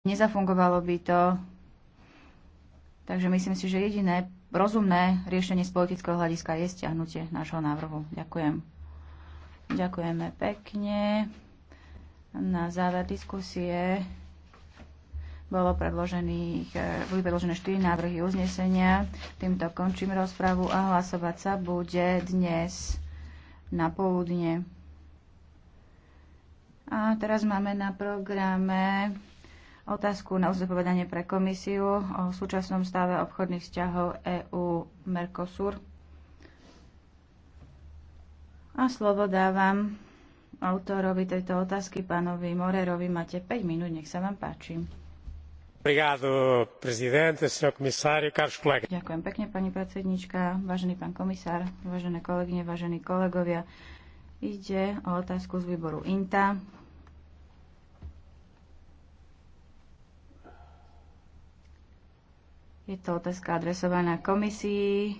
Nezafungovalo by to. Takže myslím si, že jediné rozumné riešenie z politického hľadiska je stiahnutie nášho návrhu. Ďakujem. Ďakujeme pekne. Na záver diskusie bolo predložených, boli predložené 4 návrhy uznesenia. Týmto končím rozpravu a hlasovať sa bude dnes na poludne. A teraz máme na programe otázku na uzdopovedanie pre komisiu o súčasnom stave obchodných vzťahov EU-Mercosur. A slovo dávam autorovi tejto otázky, pánovi Morerovi. Máte 5 minút, nech sa vám páči. Ďakujem pekne, pani predsednička, vážený pán komisár, vážené kolegyne, vážení kolegovia. Ide o otázku z výboru INTA Je to otázka adresovaná komisii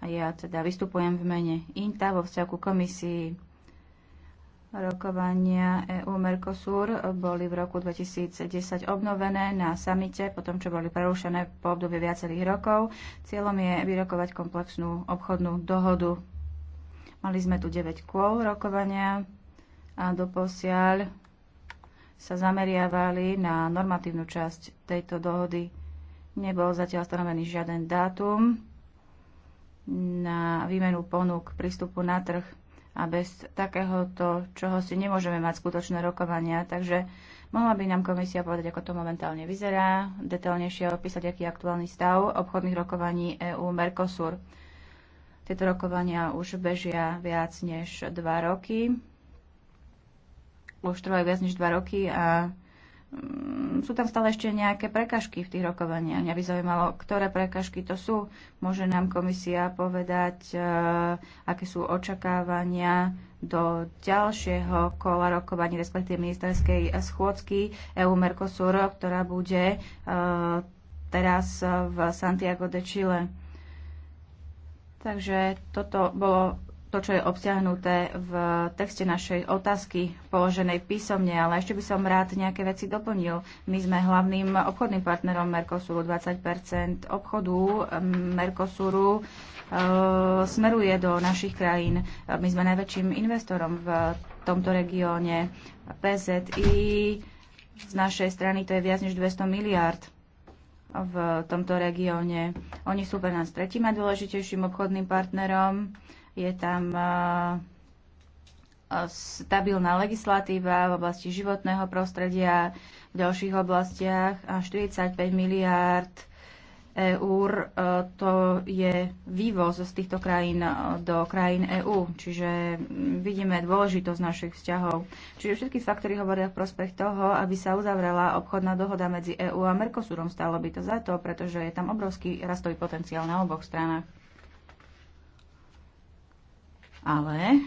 a ja teda vystupujem v mene INTA vo vzťahu komisii. Rokovania EU-Mercosur boli v roku 2010 obnovené na samite, potom čo boli prerušené po obdobie viacerých rokov. Cieľom je vyrokovať komplexnú obchodnú dohodu. Mali sme tu 9 kôl rokovania a doposiaľ sa zameriavali na normatívnu časť tejto dohody. Nebol zatiaľ stanovený žiaden dátum na výmenu ponúk prístupu na trh a bez takéhoto, čoho si nemôžeme mať skutočné rokovania. Takže mohla by nám komisia povedať, ako to momentálne vyzerá, detailnejšie opísať, aký je aktuálny stav obchodných rokovaní EU-Mercosur. Tieto rokovania už bežia viac než dva roky už trvajú viac než dva roky a mm, sú tam stále ešte nejaké prekažky v tých rokovaniach. Mňa by zaujímalo, ktoré prekažky to sú. Môže nám komisia povedať, e, aké sú očakávania do ďalšieho kola rokovaní, respektíve ministerskej schôdzky EU-Mercosur, ktorá bude e, teraz v Santiago de Chile. Takže toto bolo to, čo je obsiahnuté v texte našej otázky položenej písomne, ale ešte by som rád nejaké veci doplnil. My sme hlavným obchodným partnerom Mercosuru, 20 obchodu ehm, Mercosuru ehm, smeruje do našich krajín. My sme najväčším investorom v tomto regióne. PZI z našej strany to je viac než 200 miliárd v tomto regióne. Oni sú pre nás tretím najdôležitejším obchodným partnerom je tam e, e, stabilná legislatíva v oblasti životného prostredia, v ďalších oblastiach a 45 miliárd eur e, to je vývoz z týchto krajín do krajín EÚ. Čiže mm, vidíme dôležitosť našich vzťahov. Čiže všetky faktory hovoria v prospech toho, aby sa uzavrela obchodná dohoda medzi EÚ a Mercosurom. stalo by to za to, pretože je tam obrovský rastový potenciál na oboch stranách. Ale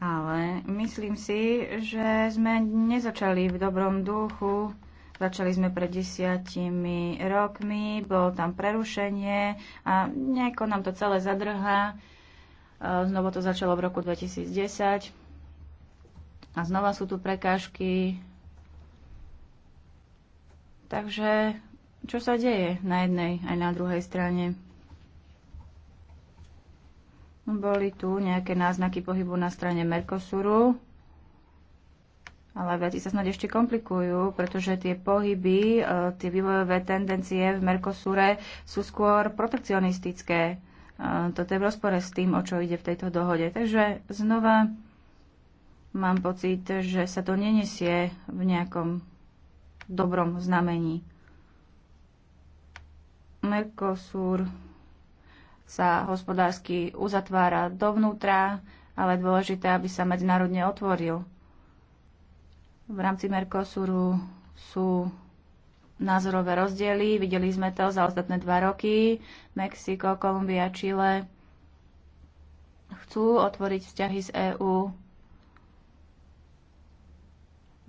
ale myslím si, že sme nezačali v dobrom duchu. Začali sme pred desiatimi rokmi, bolo tam prerušenie a nejako nám to celé zadrhá. E, znovu to začalo v roku 2010 a znova sú tu prekážky. Takže čo sa deje na jednej aj na druhej strane? Boli tu nejaké náznaky pohybu na strane Mercosuru, ale veci sa snad ešte komplikujú, pretože tie pohyby, e, tie vývojové tendencie v Mercosure sú skôr protekcionistické. E, toto je v rozpore s tým, o čo ide v tejto dohode. Takže znova mám pocit, že sa to nenesie v nejakom dobrom znamení. Mercosur sa hospodársky uzatvára dovnútra, ale dôležité, aby sa medzinárodne otvoril. V rámci Mercosuru sú názorové rozdiely. Videli sme to za ostatné dva roky. Mexiko, Kolumbia, Chile. chcú otvoriť vzťahy z EÚ.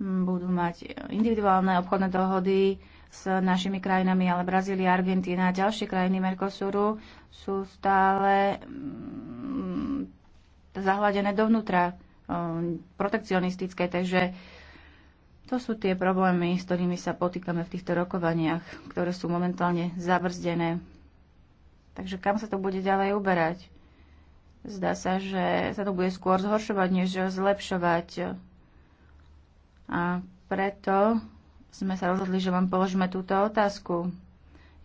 Budú mať individuálne obchodné dohody, s našimi krajinami, ale Brazília, Argentína a ďalšie krajiny Mercosuru sú stále mm, zahladené dovnútra mm, protekcionistické, takže to sú tie problémy, s ktorými sa potýkame v týchto rokovaniach, ktoré sú momentálne zabrzdené. Takže kam sa to bude ďalej uberať? Zdá sa, že sa to bude skôr zhoršovať, než zlepšovať. A preto sme sa rozhodli, že vám položíme túto otázku.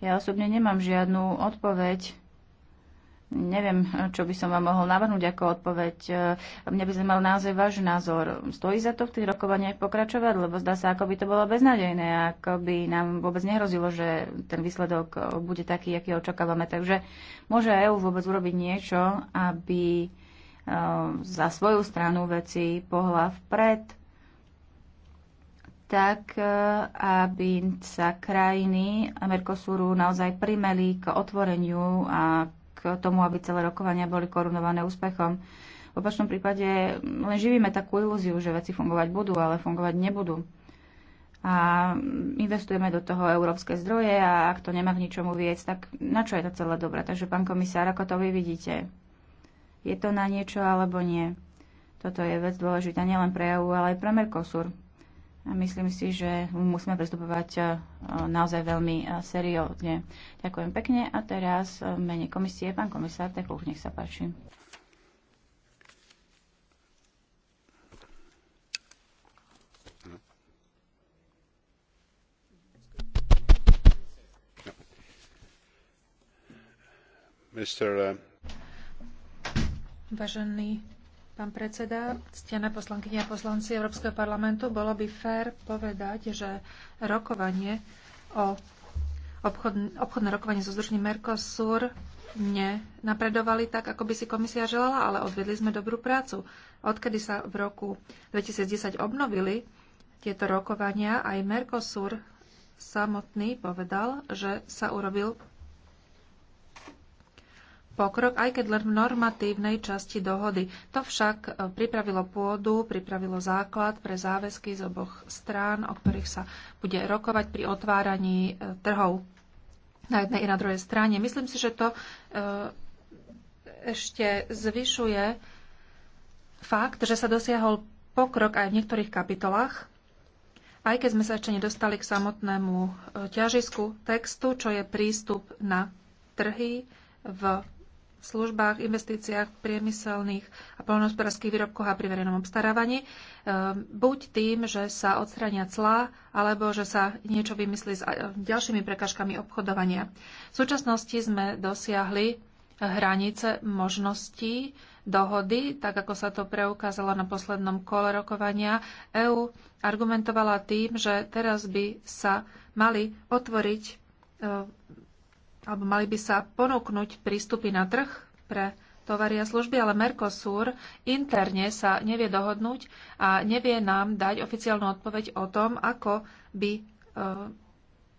Ja osobne nemám žiadnu odpoveď. Neviem, čo by som vám mohol navrhnúť ako odpoveď. Mne by sme mal naozaj váš názor. Stojí za to v tých rokovaniach pokračovať, lebo zdá sa, ako by to bolo beznadejné, ako by nám vôbec nehrozilo, že ten výsledok bude taký, aký očakávame. Takže môže EU vôbec urobiť niečo, aby eh, za svoju stranu veci pohla vpred, tak, e, aby sa krajiny Mercosuru naozaj primeli k otvoreniu a k tomu, aby celé rokovania boli korunované úspechom. V opačnom prípade len živíme takú ilúziu, že veci fungovať budú, ale fungovať nebudú. A investujeme do toho európske zdroje a ak to nemá k ničomu viec, tak na čo je to celé dobré? Takže, pán komisár, ako to vy vidíte? Je to na niečo alebo nie? Toto je vec dôležitá nielen pre EU, ale aj pre Mercosur. Myslím si, že musíme pristupovať e, naozaj veľmi e, seriózne. Ďakujem pekne a teraz e, v mene komisie pán komisár Tekuch, nech sa páči. Mr. Uh, Vážený Pán predseda, ctené poslankyne a poslanci Európskeho parlamentu, bolo by fér povedať, že rokovanie o obchodné rokovanie so združením Mercosur nenapredovali tak, ako by si komisia želala, ale odvedli sme dobrú prácu. Odkedy sa v roku 2010 obnovili tieto rokovania, aj Mercosur samotný povedal, že sa urobil pokrok, aj keď len v normatívnej časti dohody. To však e, pripravilo pôdu, pripravilo základ pre záväzky z oboch strán, o ktorých sa bude rokovať pri otváraní e, trhov na jednej i na druhej strane. Myslím si, že to e, ešte zvyšuje fakt, že sa dosiahol pokrok aj v niektorých kapitolách, aj keď sme sa ešte nedostali k samotnému ťažisku textu, čo je prístup na trhy v službách, investíciách, priemyselných a poľnohospodárských výrobkoch a pri verejnom obstarávaní, e, buď tým, že sa odstrania clá, alebo že sa niečo vymyslí s e, ďalšími prekažkami obchodovania. V súčasnosti sme dosiahli hranice možností dohody, tak ako sa to preukázalo na poslednom kole rokovania. EÚ argumentovala tým, že teraz by sa mali otvoriť e, alebo mali by sa ponúknuť prístupy na trh pre tovary a služby, ale Mercosur interne sa nevie dohodnúť a nevie nám dať oficiálnu odpoveď o tom, ako by e,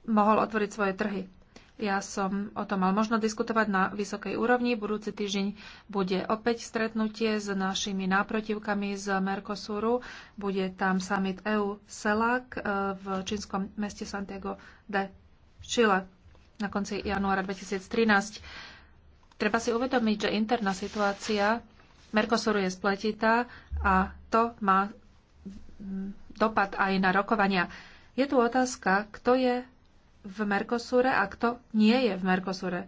mohol otvoriť svoje trhy. Ja som o tom mal možno diskutovať na vysokej úrovni. Budúci týždeň bude opäť stretnutie s našimi náprotivkami z Mercosuru. Bude tam summit EU CELAC e, v čínskom meste Santiago de Chile na konci januára 2013. Treba si uvedomiť, že interná situácia Mercosuru je spletitá a to má mm, dopad aj na rokovania. Je tu otázka, kto je v Mercosure a kto nie je v Mercosure.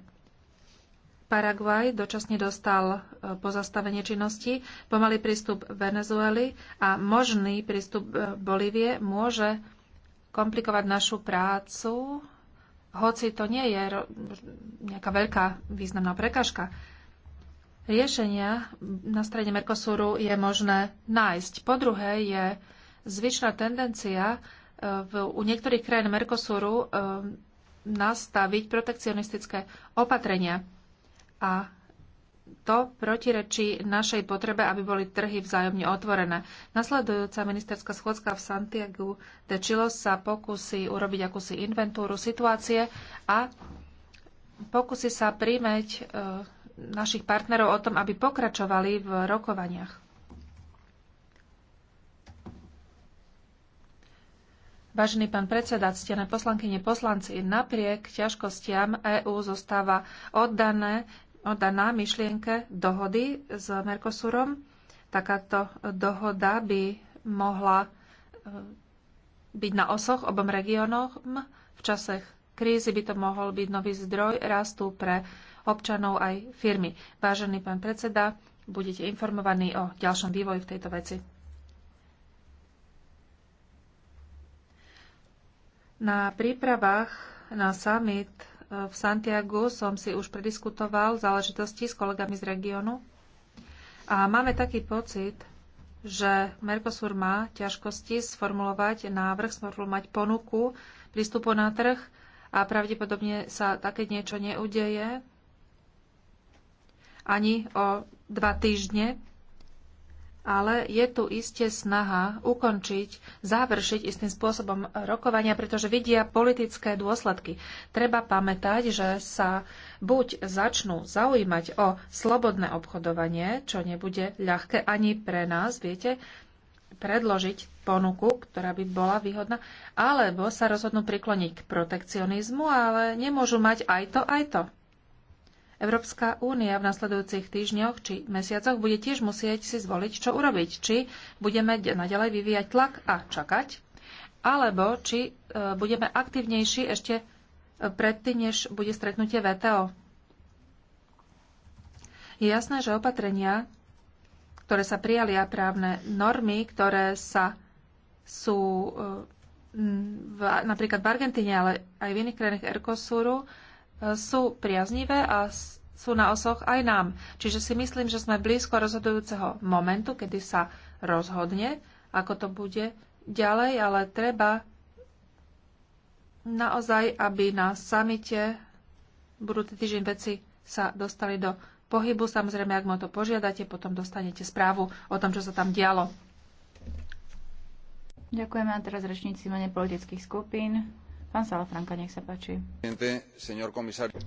Paraguaj dočasne dostal e, pozastavenie činnosti, pomalý prístup Venezueli a možný prístup e, Bolívie môže komplikovať našu prácu hoci to nie je nejaká veľká významná prekážka. Riešenia na strede Mercosuru je možné nájsť. Po druhé je zvyšná tendencia e, v, u niektorých krajín Mercosuru e, nastaviť protekcionistické opatrenia. A to protirečí našej potrebe, aby boli trhy vzájomne otvorené. Nasledujúca ministerská schôdzka v Santiago de Chile sa pokusí urobiť akúsi inventúru situácie a pokusí sa príjmeť e, našich partnerov o tom, aby pokračovali v rokovaniach. Vážený pán predseda, ctené poslankyne poslanci, napriek ťažkostiam EÚ zostáva oddané daná myšlienke dohody s Mercosurom. Takáto dohoda by mohla eh, byť na osoch obom regiónom. V čase krízy by to mohol byť nový zdroj rastu pre občanov aj firmy. Vážený pán predseda, budete informovaní o ďalšom vývoji v tejto veci. Na prípravách na summit v Santiagu som si už prediskutoval záležitosti s kolegami z regiónu a máme taký pocit, že Mercosur má ťažkosti sformulovať návrh, sformulovať ponuku prístupu na trh a pravdepodobne sa také niečo neudeje ani o dva týždne, ale je tu iste snaha ukončiť, završiť istým spôsobom rokovania, pretože vidia politické dôsledky. Treba pamätať, že sa buď začnú zaujímať o slobodné obchodovanie, čo nebude ľahké ani pre nás, viete, predložiť ponuku, ktorá by bola výhodná, alebo sa rozhodnú prikloniť k protekcionizmu, ale nemôžu mať aj to, aj to. Európska únia v nasledujúcich týždňoch či mesiacoch bude tiež musieť si zvoliť, čo urobiť. Či budeme naďalej vyvíjať tlak a čakať, alebo či e, budeme aktívnejší ešte e, predtým, než bude stretnutie VTO. Je jasné, že opatrenia, ktoré sa prijali a právne normy, ktoré sa sú e, v, napríklad v Argentíne, ale aj v iných krajinách Ercosuru, sú priaznivé a sú na osoch aj nám. Čiže si myslím, že sme blízko rozhodujúceho momentu, kedy sa rozhodne, ako to bude ďalej, ale treba naozaj, aby na samite budúci týždeň veci sa dostali do pohybu. Samozrejme, ak ma to požiadate, potom dostanete správu o tom, čo sa tam dialo. Ďakujeme a teraz rečníci mene politických skupín. Pán Salafranka, nech sa páči.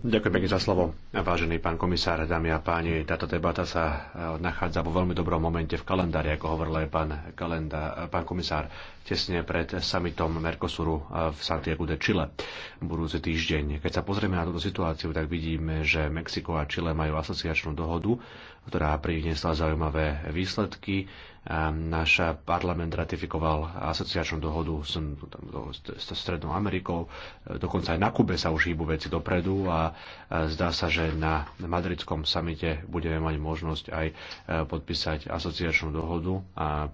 Ďakujem pekne za slovo. Vážený pán komisár, dámy a páni, táto debata sa e, nachádza vo veľmi dobrom momente v kalendári, ako hovoril aj pán, kalenda, e, pán komisár, tesne pred summitom Mercosuru e, v Santiago de Chile budúci týždeň. Keď sa pozrieme na túto situáciu, tak vidíme, že Mexiko a Chile majú asociačnú dohodu, ktorá priniesla zaujímavé výsledky náš parlament ratifikoval asociačnú dohodu s, s Strednou Amerikou. Dokonca aj na Kube sa už hýbu veci dopredu a zdá sa, že na madridskom samite budeme mať možnosť aj e, podpísať asociačnú dohodu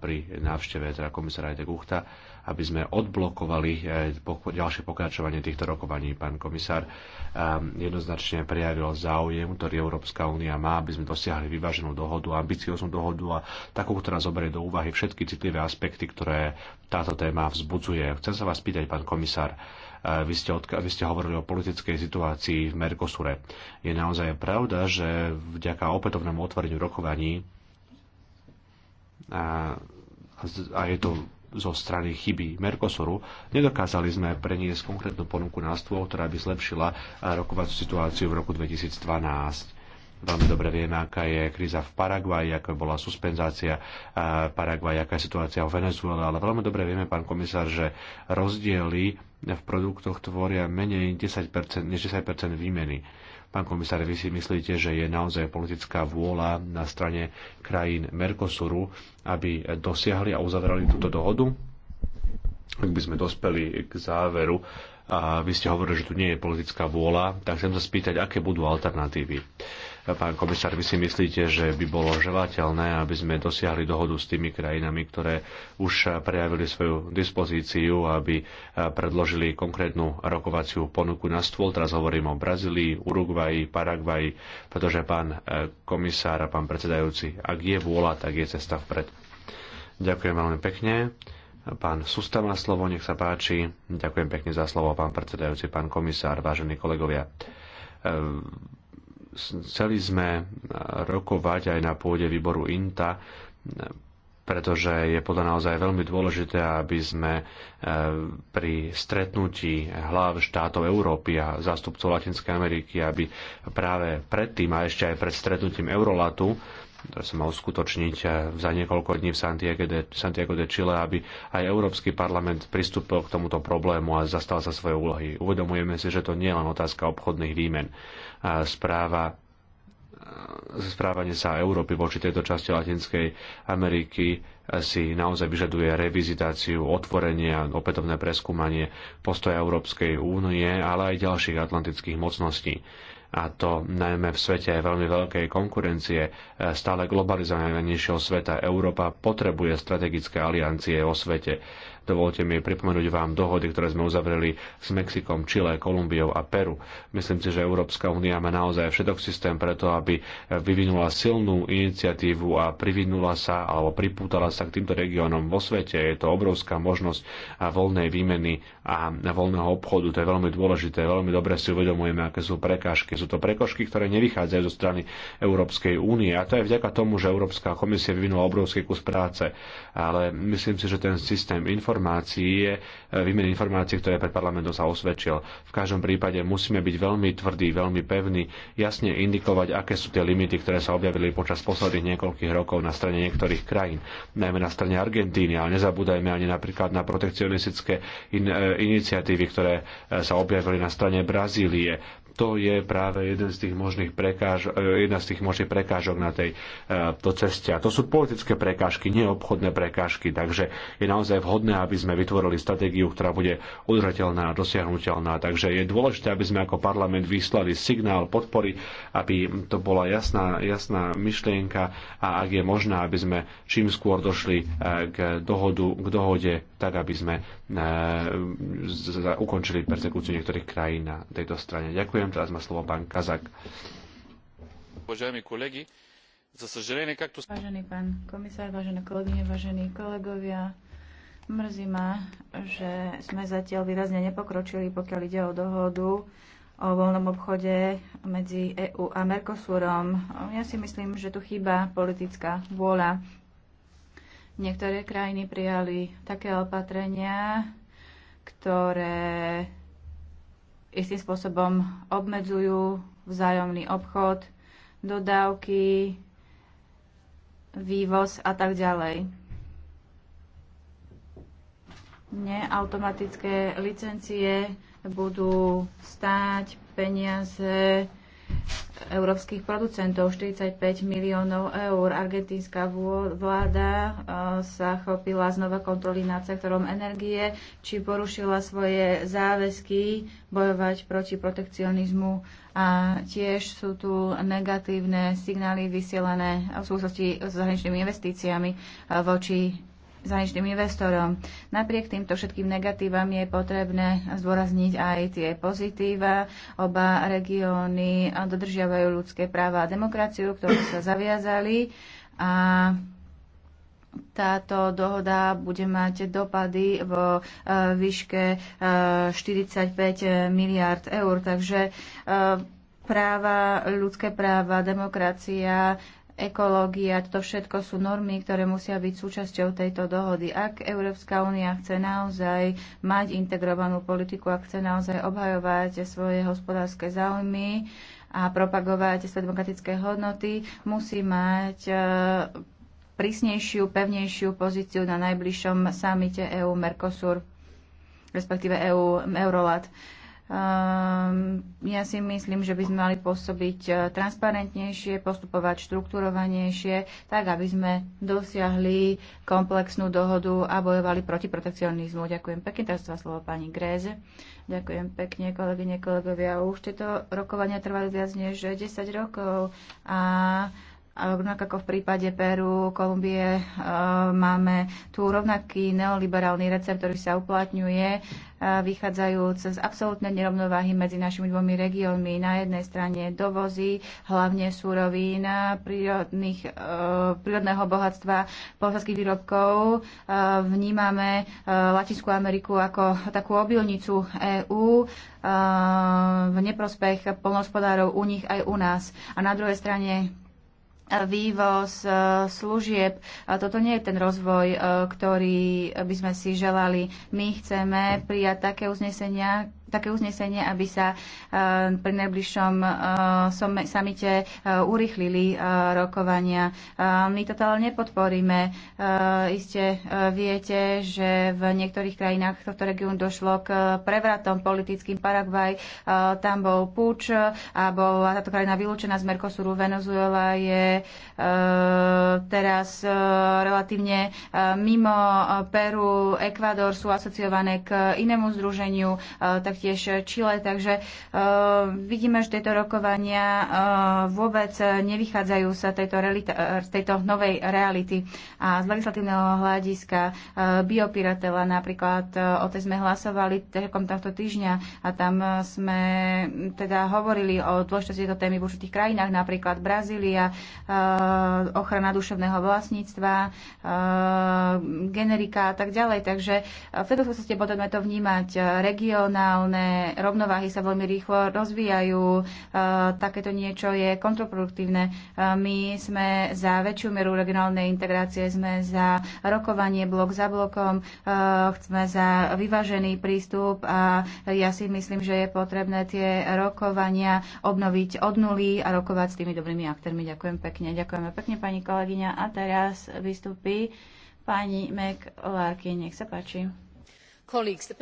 pri návšteve teda komisára Ajde Guchta aby sme odblokovali eh, ďalšie pokračovanie týchto rokovaní. Pán komisár ehm, jednoznačne prejavil záujem, ktorý Európska únia má, aby sme dosiahli vyváženú dohodu, ambicióznu dohodu a takú, ktorá zoberie do úvahy všetky citlivé aspekty, ktoré táto téma vzbudzuje. Chcem sa vás pýtať, pán komisár, eh, vy ste, odka- vy ste hovorili o politickej situácii v Mercosure. Je naozaj pravda, že vďaka opätovnému otvoreniu rokovaní eh, a, a je to zo strany chyby Mercosuru, nedokázali sme preniesť konkrétnu ponuku na stôl, ktorá by zlepšila eh, rokovacú situáciu v roku 2012. Veľmi dobre vieme, aká je kríza v Paraguaji, aká bola suspenzácia eh, Paraguaji, aká je situácia v Venezuele, ale veľmi dobre vieme, pán komisár, že rozdiely v produktoch tvoria menej 10%, než 10% výmeny. Pán komisár, vy si myslíte, že je naozaj politická vôľa na strane krajín Mercosuru, aby dosiahli a uzavrali túto dohodu? Ak by sme dospeli k záveru, a vy ste hovorili, že tu nie je politická vôľa, tak chcem sa spýtať, aké budú alternatívy. Pán komisár, vy si myslíte, že by bolo želateľné, aby sme dosiahli dohodu s tými krajinami, ktoré už prejavili svoju dispozíciu, aby predložili konkrétnu rokovaciu ponuku na stôl. Teraz hovorím o Brazílii, Uruguaji, Paraguaji, pretože pán eh, komisár a pán predsedajúci, ak je vôľa, tak je cesta vpred. Ďakujem veľmi pekne. Pán Susta má slovo, nech sa páči. Ďakujem pekne za slovo, pán predsedajúci, pán komisár, vážení kolegovia. Eh, Chceli sme rokovať aj na pôde výboru INTA, pretože je podľa naozaj veľmi dôležité, aby sme e, pri stretnutí hlav štátov Európy a zástupcov Latinskej Ameriky, aby práve predtým a ešte aj pred stretnutím Eurolatu ktoré sa mal skutočniť eh, za niekoľko dní v Santiago de, Santiago de Chile, aby aj Európsky parlament pristúpil k tomuto problému a zastal sa svoje úlohy. Uvedomujeme si, že to nie je len otázka obchodných výmen. Správa eh, správanie sa Európy voči tejto časti Latinskej Ameriky eh, si naozaj vyžaduje revizitáciu, otvorenie a opätovné preskúmanie postoja Európskej únie, ale aj ďalších atlantických mocností a to najmä v svete veľmi veľkej konkurencie e, stále globalizovanejšieho sveta. Európa potrebuje strategické aliancie vo svete. Dovolte mi pripomenúť vám dohody, ktoré sme uzavreli s Mexikom, Čile, Kolumbiou a Peru. Myslím si, že Európska únia má naozaj všetok systém preto, aby vyvinula silnú iniciatívu a privinula sa alebo pripútala sa k týmto regiónom vo svete. Je to obrovská možnosť voľnej výmeny a voľného obchodu. To je veľmi dôležité. Veľmi dobre si uvedomujeme, aké sú prekážky. Sú to prekožky, ktoré nevychádzajú zo strany Európskej únie. A to je vďaka tomu, že Európska komisia vyvinula obrovský kus práce ale myslím si, že ten systém informácií je e, výmen informácií, ktoré pred parlamentom sa osvedčil. V každom prípade musíme byť veľmi tvrdí, veľmi pevní, jasne indikovať, aké sú tie limity, ktoré sa objavili počas posledných niekoľkých rokov na strane niektorých krajín, najmä na strane Argentíny, ale nezabúdajme ani napríklad na protekcionistické in, e, iniciatívy, ktoré e, sa objavili na strane Brazílie, to je práve jeden z tých možných prekáž, e, jedna z tých možných prekážok na tej e, to ceste. A to sú politické prekážky, nie obchodné prekážky. Takže je naozaj vhodné, aby sme vytvorili stratégiu, ktorá bude udržateľná a dosiahnutelná. Takže je dôležité, aby sme ako parlament vyslali signál podpory, aby to bola jasná, jasná myšlienka a ak je možné, aby sme čím skôr došli e, k, dohodu, k dohode, tak aby sme E, ukončili persekúciu niektorých krajín na tejto strane. Ďakujem, teraz má slovo pán Kazak. Vážení kolegy, Vážený pán komisár, vážené kolegyne, vážení kolegovia, mrzí ma, že sme zatiaľ výrazne nepokročili, pokiaľ ide o dohodu o voľnom obchode medzi EÚ a Mercosurom. Ja si myslím, že tu chýba politická vôľa. Niektoré krajiny prijali také opatrenia, ktoré istým spôsobom obmedzujú vzájomný obchod, dodávky, vývoz a tak ďalej. Neautomatické licencie budú stáť peniaze európskych producentov 45 miliónov eur. Argentínska vláda eh, sa chopila znova kontroly nad sektorom energie, či porušila svoje záväzky bojovať proti protekcionizmu. A tiež sú tu negatívne signály vysielané v súvislosti s zahraničnými investíciami eh, voči zahraničným investorom. Napriek týmto všetkým negatívam je potrebné zdôrazniť aj tie pozitíva. Oba regióny dodržiavajú ľudské práva a demokraciu, ktorú sa zaviazali a táto dohoda bude mať dopady vo e, výške 45 e, miliard eur. Takže e, práva, ľudské práva, demokracia ekológia, to všetko sú normy, ktoré musia byť súčasťou tejto dohody. Ak Európska únia chce naozaj mať integrovanú politiku, ak chce naozaj obhajovať svoje hospodárske záujmy a propagovať svoje demokratické hodnoty, musí mať e, prísnejšiu, pevnejšiu pozíciu na najbližšom samite EU-Mercosur, respektíve EU-Eurolat. EU, Ehm, ja si myslím, že by sme mali pôsobiť eh, transparentnejšie, postupovať štrukturovanejšie, tak aby sme dosiahli komplexnú dohodu a bojovali proti protekcionizmu. Ďakujem pekne. Teraz dva slovo pani Gréze. Ďakujem pekne, kolegyne, kolegovia. Už tieto rokovania trvali viac než 10 rokov a rovnako ako v prípade Peru, Kolumbie, eh, máme tu rovnaký neoliberálny recept, ktorý sa uplatňuje vychádzajú cez absolútne nerovnováhy medzi našimi dvomi regiónmi. Na jednej strane dovozy, hlavne súrovín, prírodných, e, prírodného bohatstva, polských výrobkov. E, vnímame e, Latinskú Ameriku ako takú obilnicu EÚ v neprospech polnohospodárov u nich aj u nás. A na druhej strane vývoz e, služieb. Toto nie je ten rozvoj, e, ktorý by sme si želali. My chceme prijať také uznesenia, také uznesenie, aby sa e, pri najbližšom e, samite e, urychlili rokovania. My to ale nepodporíme. Iste viete, že v niektorých krajinách tohto regiónu došlo k prevratom politickým. Paraguaj, tam bol púč a bola táto krajina vylúčená z Mercosuru. Venezuela je teraz relatívne mimo Peru, Ekvador sú asociované k inému združeniu, tak taktiež Čile, takže e, vidíme, že tieto rokovania e, vôbec nevychádzajú sa tejto realita, e, z tejto novej reality. A z legislatívneho hľadiska biopiratela napríklad, o tej sme hlasovali tekom tohto týždňa a tam sme teda hovorili o dôležitosti tejto témy v určitých krajinách, napríklad Brazília, ochrana duševného vlastníctva, generika a tak ďalej. Takže v tejto súvislosti potrebujeme to vnímať regionálne, regionálne rovnováhy sa veľmi rýchlo rozvíjajú. E, takéto niečo je kontraproduktívne. My sme za väčšiu mieru regionálnej integrácie, sme za rokovanie blok za blokom, e, sme za vyvážený prístup a ja si myslím, že je potrebné tie rokovania obnoviť od nuly a rokovať s tými dobrými aktérmi. Ďakujem pekne. Ďakujeme pekne, pani kolegyňa. A teraz vystúpi pani Mek Larky. Nech sa páči. Colleagues, the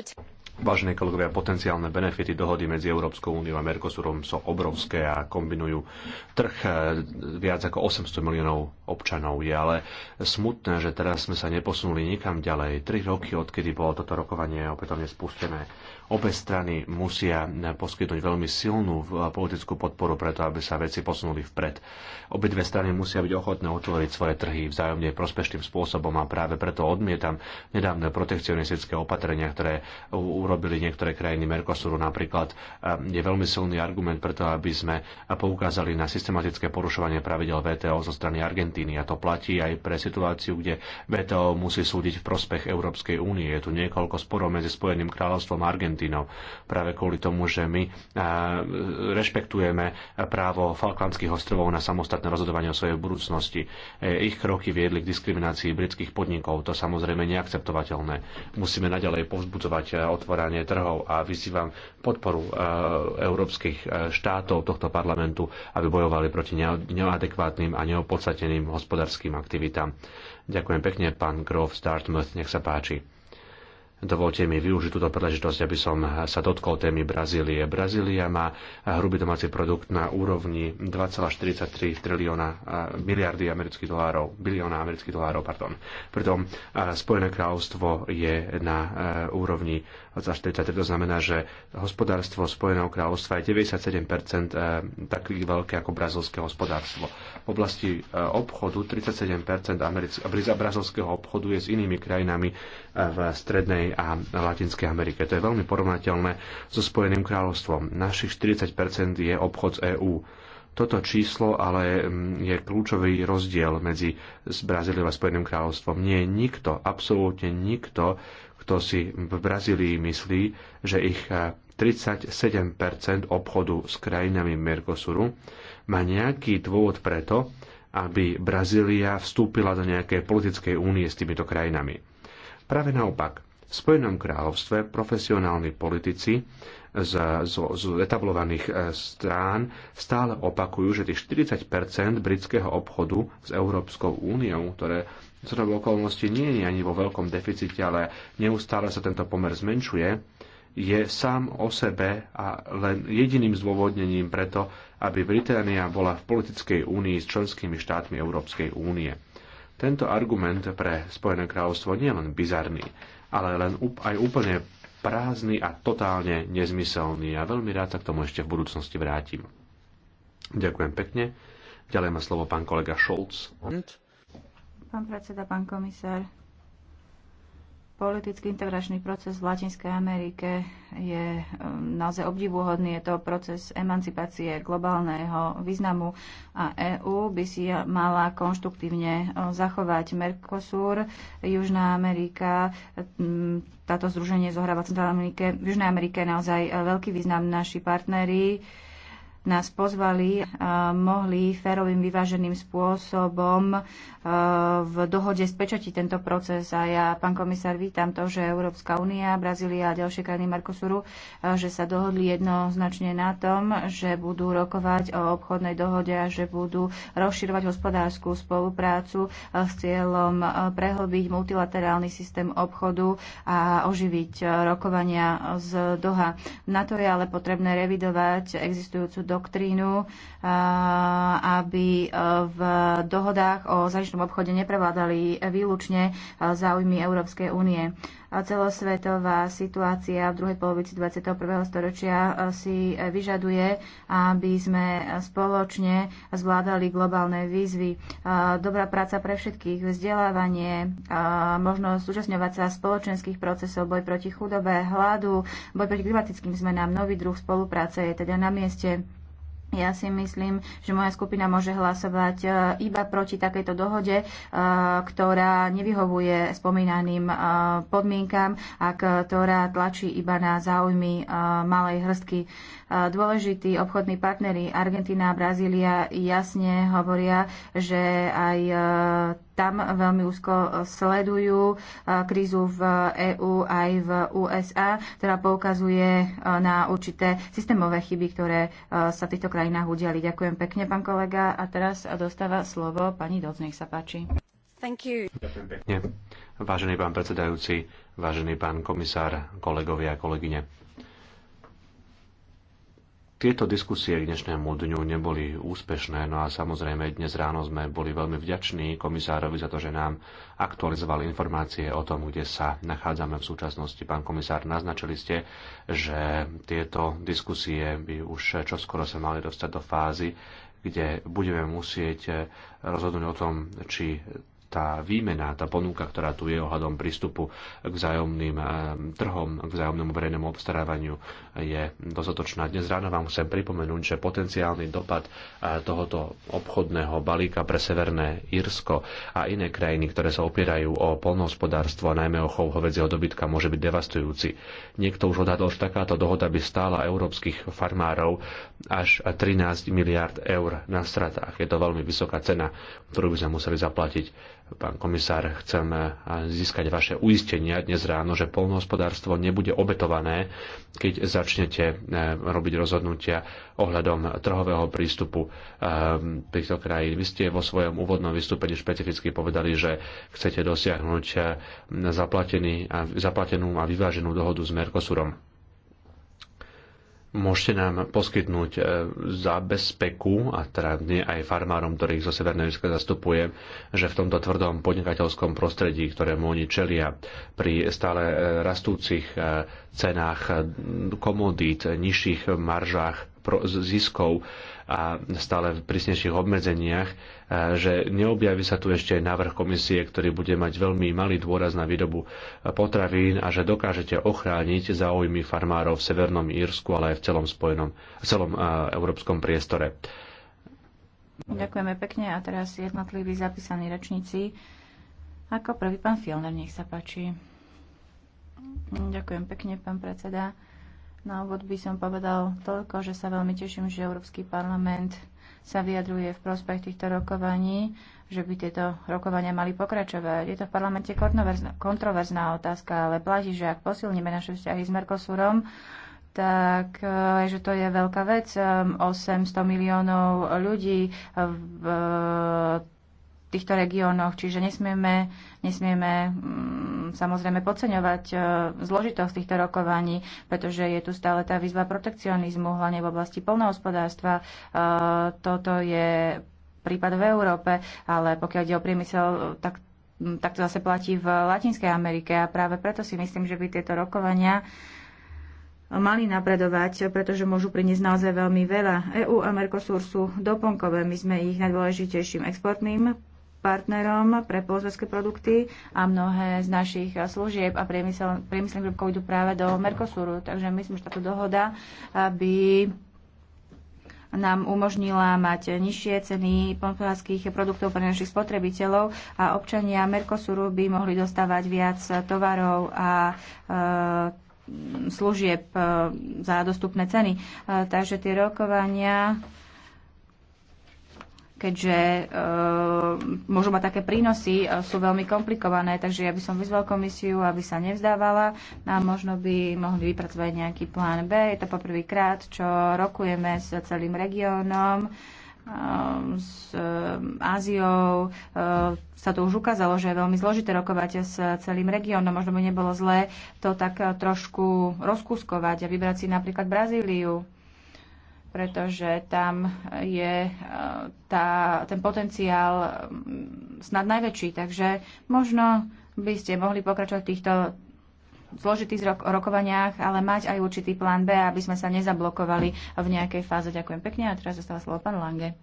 Vážne kolegovia, potenciálne benefity dohody medzi Európskou úniou a Mercosurom sú obrovské a kombinujú trh eh, viac ako 800 miliónov občanov. Je ale smutné, že teraz sme sa neposunuli nikam ďalej. Tri roky, odkedy bolo toto rokovanie opätovne spustené, Obe strany musia poskytnúť veľmi silnú eh, politickú podporu preto, aby sa veci posunuli vpred. Obe dve strany musia byť ochotné otvoriť svoje trhy vzájomne prospešným spôsobom a práve preto odmietam nedávne protekcionistické opatrenia, ktoré urobili niektoré krajiny Mercosuru napríklad. Eh, je veľmi silný argument preto, aby sme poukázali na systematické porušovanie pravidel VTO zo strany Argentíny a to platí aj pre situáciu, kde VTO musí súdiť v prospech Európskej únie. Je tu niekoľko sporov medzi Spojeným kráľovstvom a Argentínou Argentínou. Práve kvôli tomu, že my eh, rešpektujeme právo Falklandských ostrovov na samostatné rozhodovanie o svojej budúcnosti. Eh, ich kroky viedli k diskriminácii britských podnikov. To samozrejme neakceptovateľné. Musíme naďalej povzbudzovať eh, otváranie trhov a vyzývam podporu európskych štátov tohto parlamentu, aby bojovali proti neadekvátnym a neopodstateným hospodárským aktivitám. Ďakujem pekne, pán Grove Dartmouth, nech sa páči. Dovolte mi využiť túto príležitosť, aby som sa dotkol témy Brazílie. Brazília má hrubý domáci produkt na úrovni 2,43 trilióna miliardy amerických dolárov, bilióna amerických dolárov, pardon. Pritom Spojené kráľovstvo je na úrovni 2043. To znamená, že hospodárstvo Spojeného kráľovstva je 97% eh, takých veľké ako brazilské hospodárstvo. V oblasti eh, obchodu 37% brazilského obchodu je s inými krajinami eh, v Strednej a Latinskej Amerike. To je veľmi porovnateľné so Spojeným kráľovstvom. Našich 40% je obchod z EÚ. Toto číslo ale mm, je kľúčový rozdiel medzi Brazíliou a Spojeným kráľovstvom. Nie je nikto, absolútne nikto, kto si v Brazílii myslí, že ich 37 eh, obchodu s krajinami Mercosuru má nejaký dôvod preto, aby Brazília vstúpila do nejakej politickej únie s týmito krajinami. Práve naopak, v Spojenom kráľovstve profesionálni politici z, z, z etablovaných eh, strán stále opakujú, že tých 40 britského obchodu s Európskou úniou, ktoré zhodou okolnosti nie je ani vo veľkom deficite, ale neustále sa tento pomer zmenšuje, je sám o sebe a len jediným zdôvodnením preto, aby Británia bola v politickej únii s členskými štátmi Európskej únie. Tento argument pre Spojené kráľovstvo nie je len bizarný, ale len aj úplne prázdny a totálne nezmyselný a veľmi rád sa k tomu ešte v budúcnosti vrátim. Ďakujem pekne. Ďalej má slovo pán kolega Scholz. And? pán predseda, pán komisár. Politický integračný proces v Latinskej Amerike je um, naozaj obdivuhodný. Je to proces emancipácie globálneho významu a EÚ by si mala konštruktívne um, zachovať Mercosur, Južná Amerika. Um, táto združenie zohráva v Centrálnej Amerike. V Južnej Amerike je naozaj uh, veľký význam naši partneri nás pozvali, mohli férovým vyváženým spôsobom e, v dohode spečatiť tento proces. A ja, pán komisár, vítam to, že Európska únia, Brazília a ďalšie krajiny Mercosuru, e, že sa dohodli jednoznačne na tom, že budú rokovať o obchodnej dohode a že budú rozširovať hospodárskú spoluprácu e, s cieľom prehlbiť multilaterálny systém obchodu a oživiť rokovania z Doha. Na to je ale potrebné revidovať existujúcu dohodu doktrínu, eh, aby eh, v dohodách o zahraničnom obchode neprevládali výlučne eh, záujmy Európskej únie. Celosvetová situácia v druhej polovici 21. storočia si vyžaduje, aby sme spoločne zvládali globálne výzvy. Dobrá práca pre všetkých, vzdelávanie, možnosť zúčastňovať sa spoločenských procesov, boj proti chudobe, hladu, boj proti klimatickým zmenám, nový druh spolupráce je teda na mieste. Ja si myslím, že moja skupina môže hlasovať e, iba proti takejto dohode, e, ktorá nevyhovuje spomínaným e, podmienkam a ktorá tlačí iba na záujmy malej hrstky Dôležití obchodní partnery Argentína a Brazília jasne hovoria, že aj e, tam veľmi úzko sledujú e, krízu v EÚ aj v USA, ktorá poukazuje e, na určité systémové chyby, ktoré sa v týchto krajinách udiali. Ďakujem pekne, pán kolega. A teraz dostáva slovo pani Doc, nech sa páči. Thank you. Ďakujem pekne. Vážený pán predsedajúci, vážený pán komisár, kolegovia a kolegyne. Tieto diskusie k dnešnému dňu neboli úspešné, no a samozrejme dnes ráno sme boli veľmi vďační komisárovi za to, že nám aktualizoval informácie o tom, kde sa nachádzame v súčasnosti. Pán komisár, naznačili ste, že tieto diskusie by už čoskoro sa mali dostať do fázy, kde budeme musieť rozhodnúť o tom, či tá výmena, tá ponuka, ktorá tu je ohľadom prístupu k vzájomným eh, trhom, k vzájomnému verejnému obstarávaniu je dostatočná. Dnes ráno vám chcem pripomenúť, že potenciálny dopad eh, tohoto obchodného balíka pre Severné Írsko a iné krajiny, ktoré sa opierajú o polnohospodárstvo a najmä o chov hovedzieho dobytka, môže byť devastujúci. Niekto už odhadol, že takáto dohoda by stála európskych farmárov až 13 miliard eur na stratách. Je to veľmi vysoká cena, ktorú by sme museli zaplatiť Pán komisár, chcem získať vaše uistenia dnes ráno, že polnohospodárstvo nebude obetované, keď začnete eh, robiť rozhodnutia ohľadom trhového prístupu eh, týchto krajín. Vy ste vo svojom úvodnom vystúpení špecificky povedali, že chcete dosiahnuť eh, zaplatený, zaplatenú a vyváženú dohodu s Mercosurom Môžete nám poskytnúť e, zabezpeku, a teda nie aj farmárom, ktorých zo Severného Irska zastupujem, že v tomto tvrdom podnikateľskom prostredí, ktorému oni čelia pri stále e, rastúcich e, cenách komodít, nižších maržách, ziskov a stále v prísnejších obmedzeniach, že neobjaví sa tu ešte návrh komisie, ktorý bude mať veľmi malý dôraz na výrobu potravín a že dokážete ochrániť záujmy farmárov v Severnom Írsku, ale aj v celom, spojenom, v celom európskom priestore. Ďakujeme pekne a teraz jednotliví zapísaní rečníci. Ako prvý pán Fielner, nech sa páči. Ďakujem pekne, pán predseda. Na úvod by som povedal toľko, že sa veľmi teším, že Európsky parlament sa vyjadruje v prospech týchto rokovaní, že by tieto rokovania mali pokračovať. Je to v parlamente kontroverzná otázka, ale platí, že ak posilníme naše vzťahy s Mercosurom, tak eh, že to je veľká vec. 800 ehm, miliónov ľudí v eh, týchto regiónoch, čiže nesmieme, nesmieme mm, samozrejme podceňovať e, zložitosť týchto rokovaní, pretože je tu stále tá výzva protekcionizmu, hlavne v oblasti polnohospodárstva. E, toto je prípad v Európe, ale pokiaľ ide o priemysel, tak mm, tak to zase platí v Latinskej Amerike a práve preto si myslím, že by tieto rokovania mali napredovať, pretože môžu priniesť naozaj veľmi veľa. EU a Mercosur sú doplnkové, my sme ich najdôležitejším exportným partnerom pre polozvedské produkty a mnohé z našich služieb a priemysel, priemyselných grupkov idú práve do Mercosuru. Takže myslím, že táto dohoda by nám umožnila mať nižšie ceny poľnohospodárských produktov pre našich spotrebiteľov a občania Mercosuru by mohli dostávať viac tovarov a e, služieb e, za dostupné ceny. E, takže tie rokovania keďže eh, môžu mať také prínosy, eh, sú veľmi komplikované, takže ja by som vyzval komisiu, aby sa nevzdávala a možno by mohli vypracovať nejaký plán B. Je to poprvýkrát, čo rokujeme s celým regiónom eh, s Áziou. Sa to už ukázalo, že je veľmi zložité rokovať s celým regiónom. Možno by nebolo zlé to tak trošku rozkúskovať a vybrať si napríklad Brazíliu pretože tam je e, tá, ten potenciál snad najväčší. Takže možno by ste mohli pokračovať v týchto zložitých rokovaniach, ale mať aj určitý plán B, aby sme sa nezablokovali v nejakej fáze. Ďakujem pekne a teraz zostáva slovo pán Lange.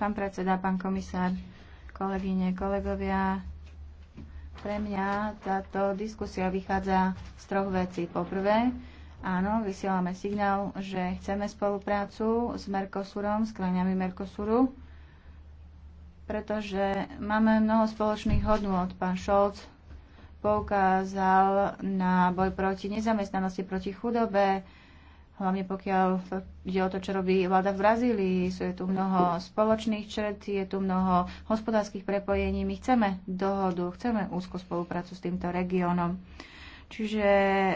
Pán predseda, pán komisár, kolegyne, kolegovia, pre mňa táto diskusia vychádza z troch vecí. Poprvé, áno, vysielame signál, že chceme spoluprácu s Mercosurom, s krajinami Mercosuru, pretože máme mnoho spoločných hodnôt. Pán Šolc poukázal na boj proti nezamestnanosti, proti chudobe, hlavne pokiaľ ide o to, čo robí vláda v Brazílii. Sú je tu mnoho spoločných čret, je tu mnoho hospodárskych prepojení. My chceme dohodu, chceme úzku spoluprácu s týmto regiónom. Čiže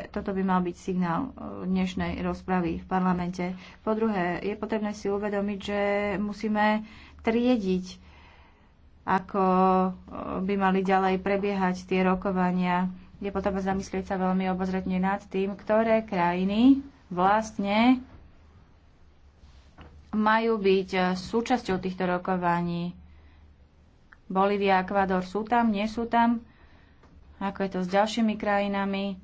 toto by mal byť signál eh, dnešnej rozpravy v parlamente. Po druhé, je potrebné si uvedomiť, že musíme triediť, ako eh, by mali ďalej prebiehať tie rokovania. Je potrebné zamyslieť sa veľmi obozretne nad tým, ktoré krajiny vlastne majú byť e, súčasťou týchto rokovaní. Bolívia a Ekvador sú tam, nie sú tam. Ako je to s ďalšími krajinami?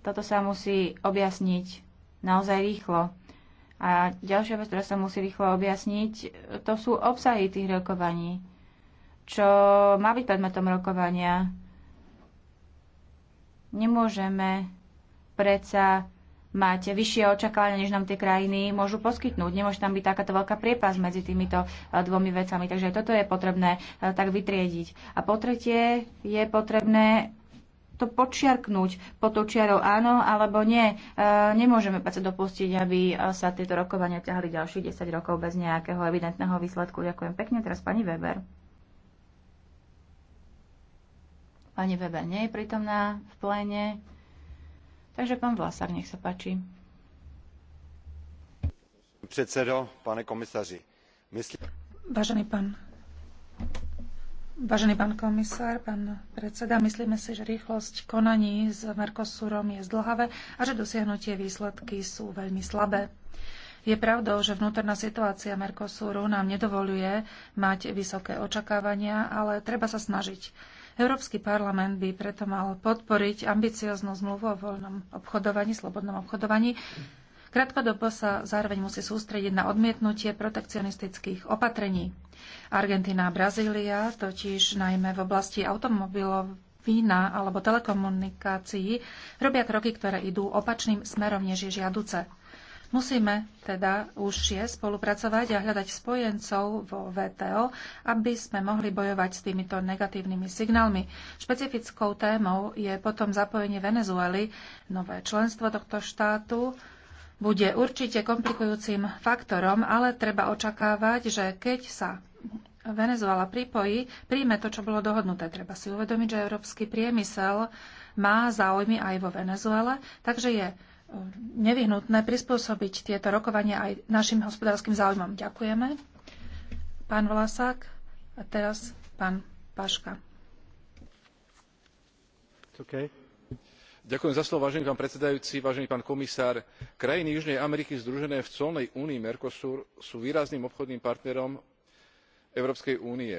Toto sa musí objasniť naozaj rýchlo. A ďalšia vec, ktorá sa musí rýchlo objasniť, to sú obsahy tých rokovaní. Čo má byť predmetom rokovania? Nemôžeme predsa mať vyššie očakávania, než nám tie krajiny môžu poskytnúť. Nemôže tam byť takáto veľká priepas medzi týmito e, dvomi vecami. Takže aj toto je potrebné e, tak vytriediť. A po tretie je potrebné to počiarknúť pod tou čiarou áno alebo nie. E, nemôžeme sa dopustiť, aby e, sa tieto rokovania ťahli ďalších 10 rokov bez nejakého evidentného výsledku. Ďakujem pekne. Teraz pani Weber. Pani Weber nie je prítomná v pléne. Takže pán Vlasák, nech sa páči. Predsedo, pane komisaři, myslím... Vážený pán Vážený pán komisár, pán predseda, myslíme si, že rýchlosť konaní s Mercosurom je zdlhavé a že dosiahnutie výsledky sú veľmi slabé. Je pravdou, že vnútorná situácia Mercosuru nám nedovoluje mať vysoké očakávania, ale treba sa snažiť. Európsky parlament by preto mal podporiť ambicioznú zmluvu o voľnom obchodovaní, slobodnom obchodovaní. Krátkodobo sa zároveň musí sústrediť na odmietnutie protekcionistických opatrení. Argentina a Brazília totiž najmä v oblasti automobilov vína alebo telekomunikácií robia kroky, ktoré idú opačným smerom, než je žiaduce. Musíme teda už je spolupracovať a hľadať spojencov vo VTO, aby sme mohli bojovať s týmito negatívnymi signálmi. Špecifickou témou je potom zapojenie Venezuely. Nové členstvo tohto štátu bude určite komplikujúcim faktorom, ale treba očakávať, že keď sa Venezuela pripojí, príjme to, čo bolo dohodnuté. Treba si uvedomiť, že európsky priemysel má záujmy aj vo Venezuele, takže je nevyhnutné prispôsobiť tieto rokovania aj našim hospodárskym záujmom. Ďakujeme. Pán Vlasák a teraz pán Paška. Okay. Ďakujem za slovo, vážený pán predsedajúci, vážený pán komisár. Krajiny Južnej Ameriky združené v colnej únii Mercosur sú výrazným obchodným partnerom Európskej únie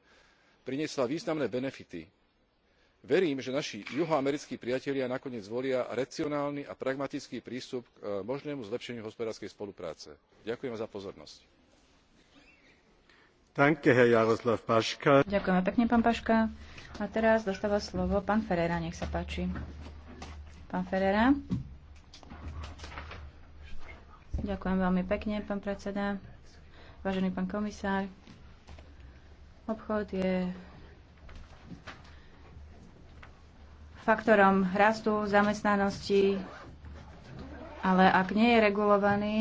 priniesla významné benefity. verím že naši juhoamerickí priatelia nakoniec zvolia racionálny a pragmatický prístup k e, možnému zlepšeniu hospodárskej spolupráce. ďakujem za pozornosť. pekne pán paška. a teraz dostáva slovo pán nech sa páči. Ďakujem veľmi pekne, pán predseda. Vážený pán komisár, Obchod je faktorom rastu, zamestnanosti, ale ak nie je regulovaný,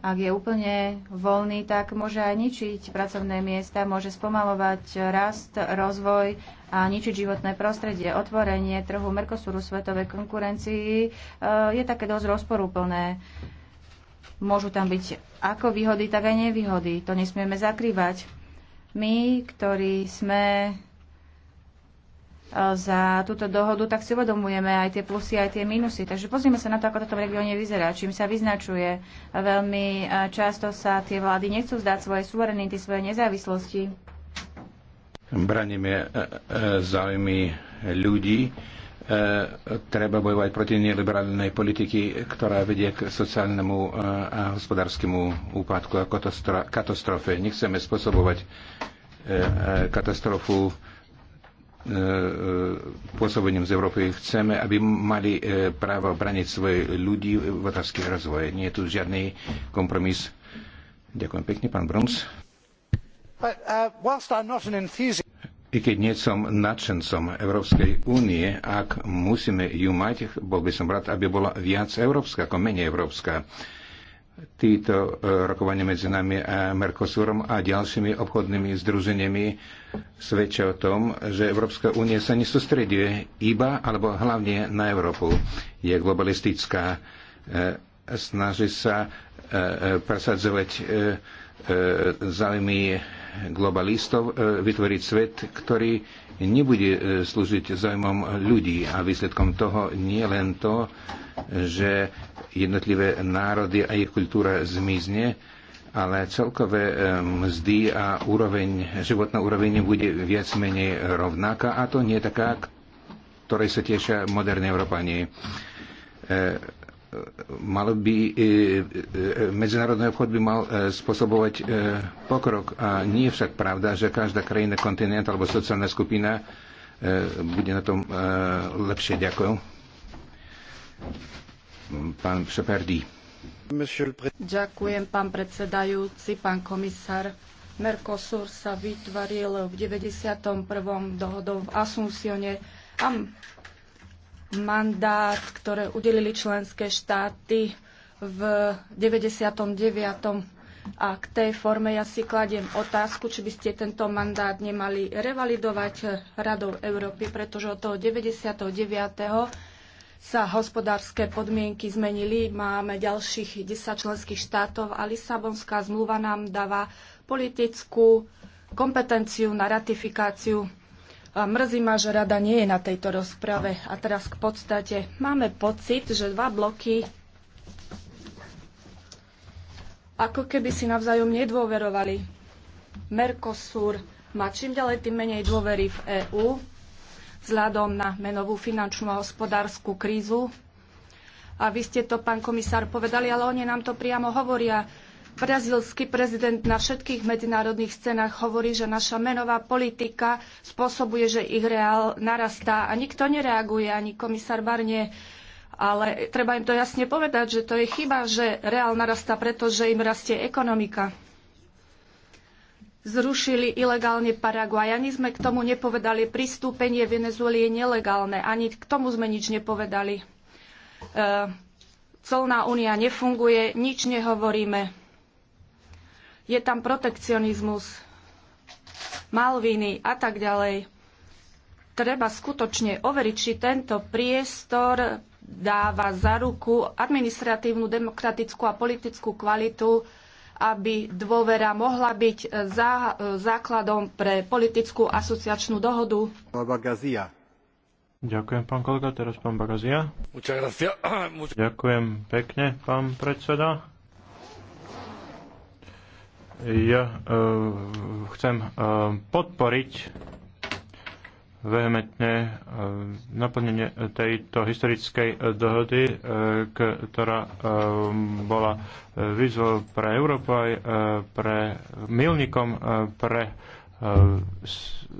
ak je úplne voľný, tak môže aj ničiť pracovné miesta, môže spomalovať rast, rozvoj a ničiť životné prostredie. Otvorenie trhu Mercosuru svetovej konkurencii e, je také dosť rozporúplné. Môžu tam byť ako výhody, tak aj nevýhody. To nesmieme zakrývať. My, ktorí sme e, za túto dohodu, tak si uvedomujeme aj tie plusy, aj tie minusy. Takže pozrime sa na to, ako toto v regióne vyzerá, čím sa vyznačuje. Veľmi e, často sa tie vlády nechcú zdať svoje suverenity, svoje nezávislosti. Braníme e, záujmy ľudí E, treba bojovať proti neliberálnej politiky, ktorá vedie k sociálnemu e, a hospodárskemu úpadku a katastrofe. Nechceme spôsobovať e, katastrofu pôsobením z Európy. Chceme, aby mali právo braniť svoje ľudí v otázke rozvoje. Nie je tu žiadny kompromis. Ďakujem pekne, pán Bruns. But, uh, i keď nie som nadšencom Európskej únie, ak musíme ju mať, bol by som rád, aby bola viac európska ako menej európska. Títo e, rokovania medzi nami a Mercosurom a ďalšími obchodnými združeniami svedčia o tom, že Európska únie sa nesústreduje iba alebo hlavne na Európu. Je globalistická, e, snaží sa e, presadzovať záujmy globalistov e, vytvoriť svet, ktorý nebude e, slúžiť zaujímom ľudí a výsledkom toho nie len to, že jednotlivé národy a ich kultúra zmizne, ale celkové e, mzdy a úroveň, životná úroveň bude viac menej rovnaká a to nie je taká, ktorej sa tešia moderné Európanie mal by, e, e, e, medzinárodný obchod by mal spôsobovať pokrok. A nie je však pravda, že každá krajina, kontinent alebo sociálna skupina bude na tom lepšie. Ďakujem. Pán Šeperdy. Ďakujem, pán predsedajúci, pán komisár. Mercosur sa vytvoril v 91. dohodou v Asuncione a mandát, ktoré udelili členské štáty v 99. A k tej forme ja si kladiem otázku, či by ste tento mandát nemali revalidovať Radou Európy, pretože od toho 99 sa hospodárske podmienky zmenili. Máme ďalších 10 členských štátov a Lisabonská zmluva nám dáva politickú kompetenciu na ratifikáciu a mrzí ma, že rada nie je na tejto rozprave. A teraz k podstate. Máme pocit, že dva bloky ako keby si navzájom nedôverovali. Mercosur má čím ďalej tým menej dôvery v EÚ vzhľadom na menovú finančnú a hospodárskú krízu. A vy ste to, pán komisár, povedali, ale oni nám to priamo hovoria Brazílsky prezident na všetkých medzinárodných scénach hovorí, že naša menová politika spôsobuje, že ich reál narastá a nikto nereaguje, ani komisár Barnier. Ale treba im to jasne povedať, že to je chyba, že reál narastá, pretože im rastie ekonomika. Zrušili ilegálne Paraguaj. Ani sme k tomu nepovedali. Pristúpenie Venezuely je nelegálne. Ani k tomu sme nič nepovedali. E, colná únia nefunguje, nič nehovoríme je tam protekcionizmus, Malviny a tak ďalej. Treba skutočne overiť, či tento priestor dáva za ruku administratívnu, demokratickú a politickú kvalitu, aby dôvera mohla byť za, základom pre politickú asociačnú dohodu. Ďakujem, pán kolega. Teraz pán Bagazia. Ďakujem pekne, pán predseda. Ja e, chcem e, podporiť vehementne e, naplnenie tejto historickej dohody, ktorá bola výzvou pre Európu aj pre milníkom pre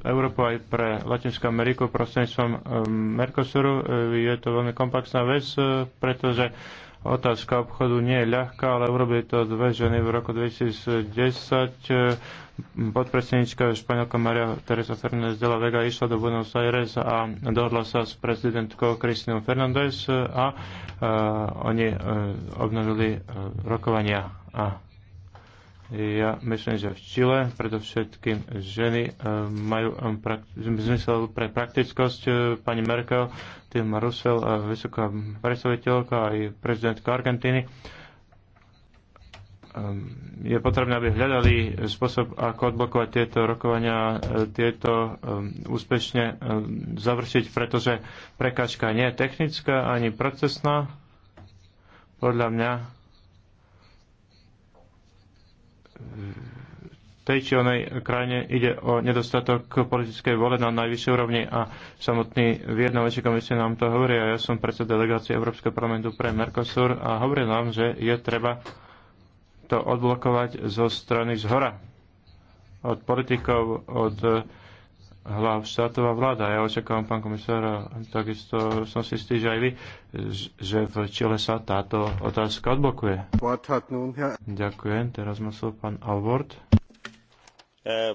Európu aj pre Latinskú Ameriku prostredníctvom Mercosuru. Je to veľmi komplexná vec, pretože Otázka obchodu nie je ľahká, ale urobili to dve ženy v roku 2010. Podpredsednička Španielka Maria Teresa Fernández de la Vega išla do Buenos Aires a dohodla sa s prezidentkou Kristinou Fernández a uh, oni uh, obnovili uh, rokovania. A ja myslím, že v Čile predovšetkým ženy eh, majú eh, zmysel pre praktickosť. Eh, pani Merkel, Tim Russell, vysoká predstaviteľka aj prezidentka Argentíny ehm, je potrebné, aby hľadali spôsob, ako odblokovať tieto rokovania, tieto ehm, úspešne ehm, završiť, pretože prekážka nie je technická ani procesná. Podľa mňa tej či onej krajine ide o nedostatok politickej vole na najvyššej úrovni a samotný vyjednávací komisie nám to hovorí a ja som predseda delegácie Európskeho parlamentu pre Mercosur a hovorí nám, že je treba to odblokovať zo strany zhora od politikov, od hlav štátová vláda. Ja očakávam, pán komisár, takisto som si istý, že aj vy, že v Čile sa táto otázka odblokuje. Ďakujem. Teraz má slovo pán Alvord. Uh,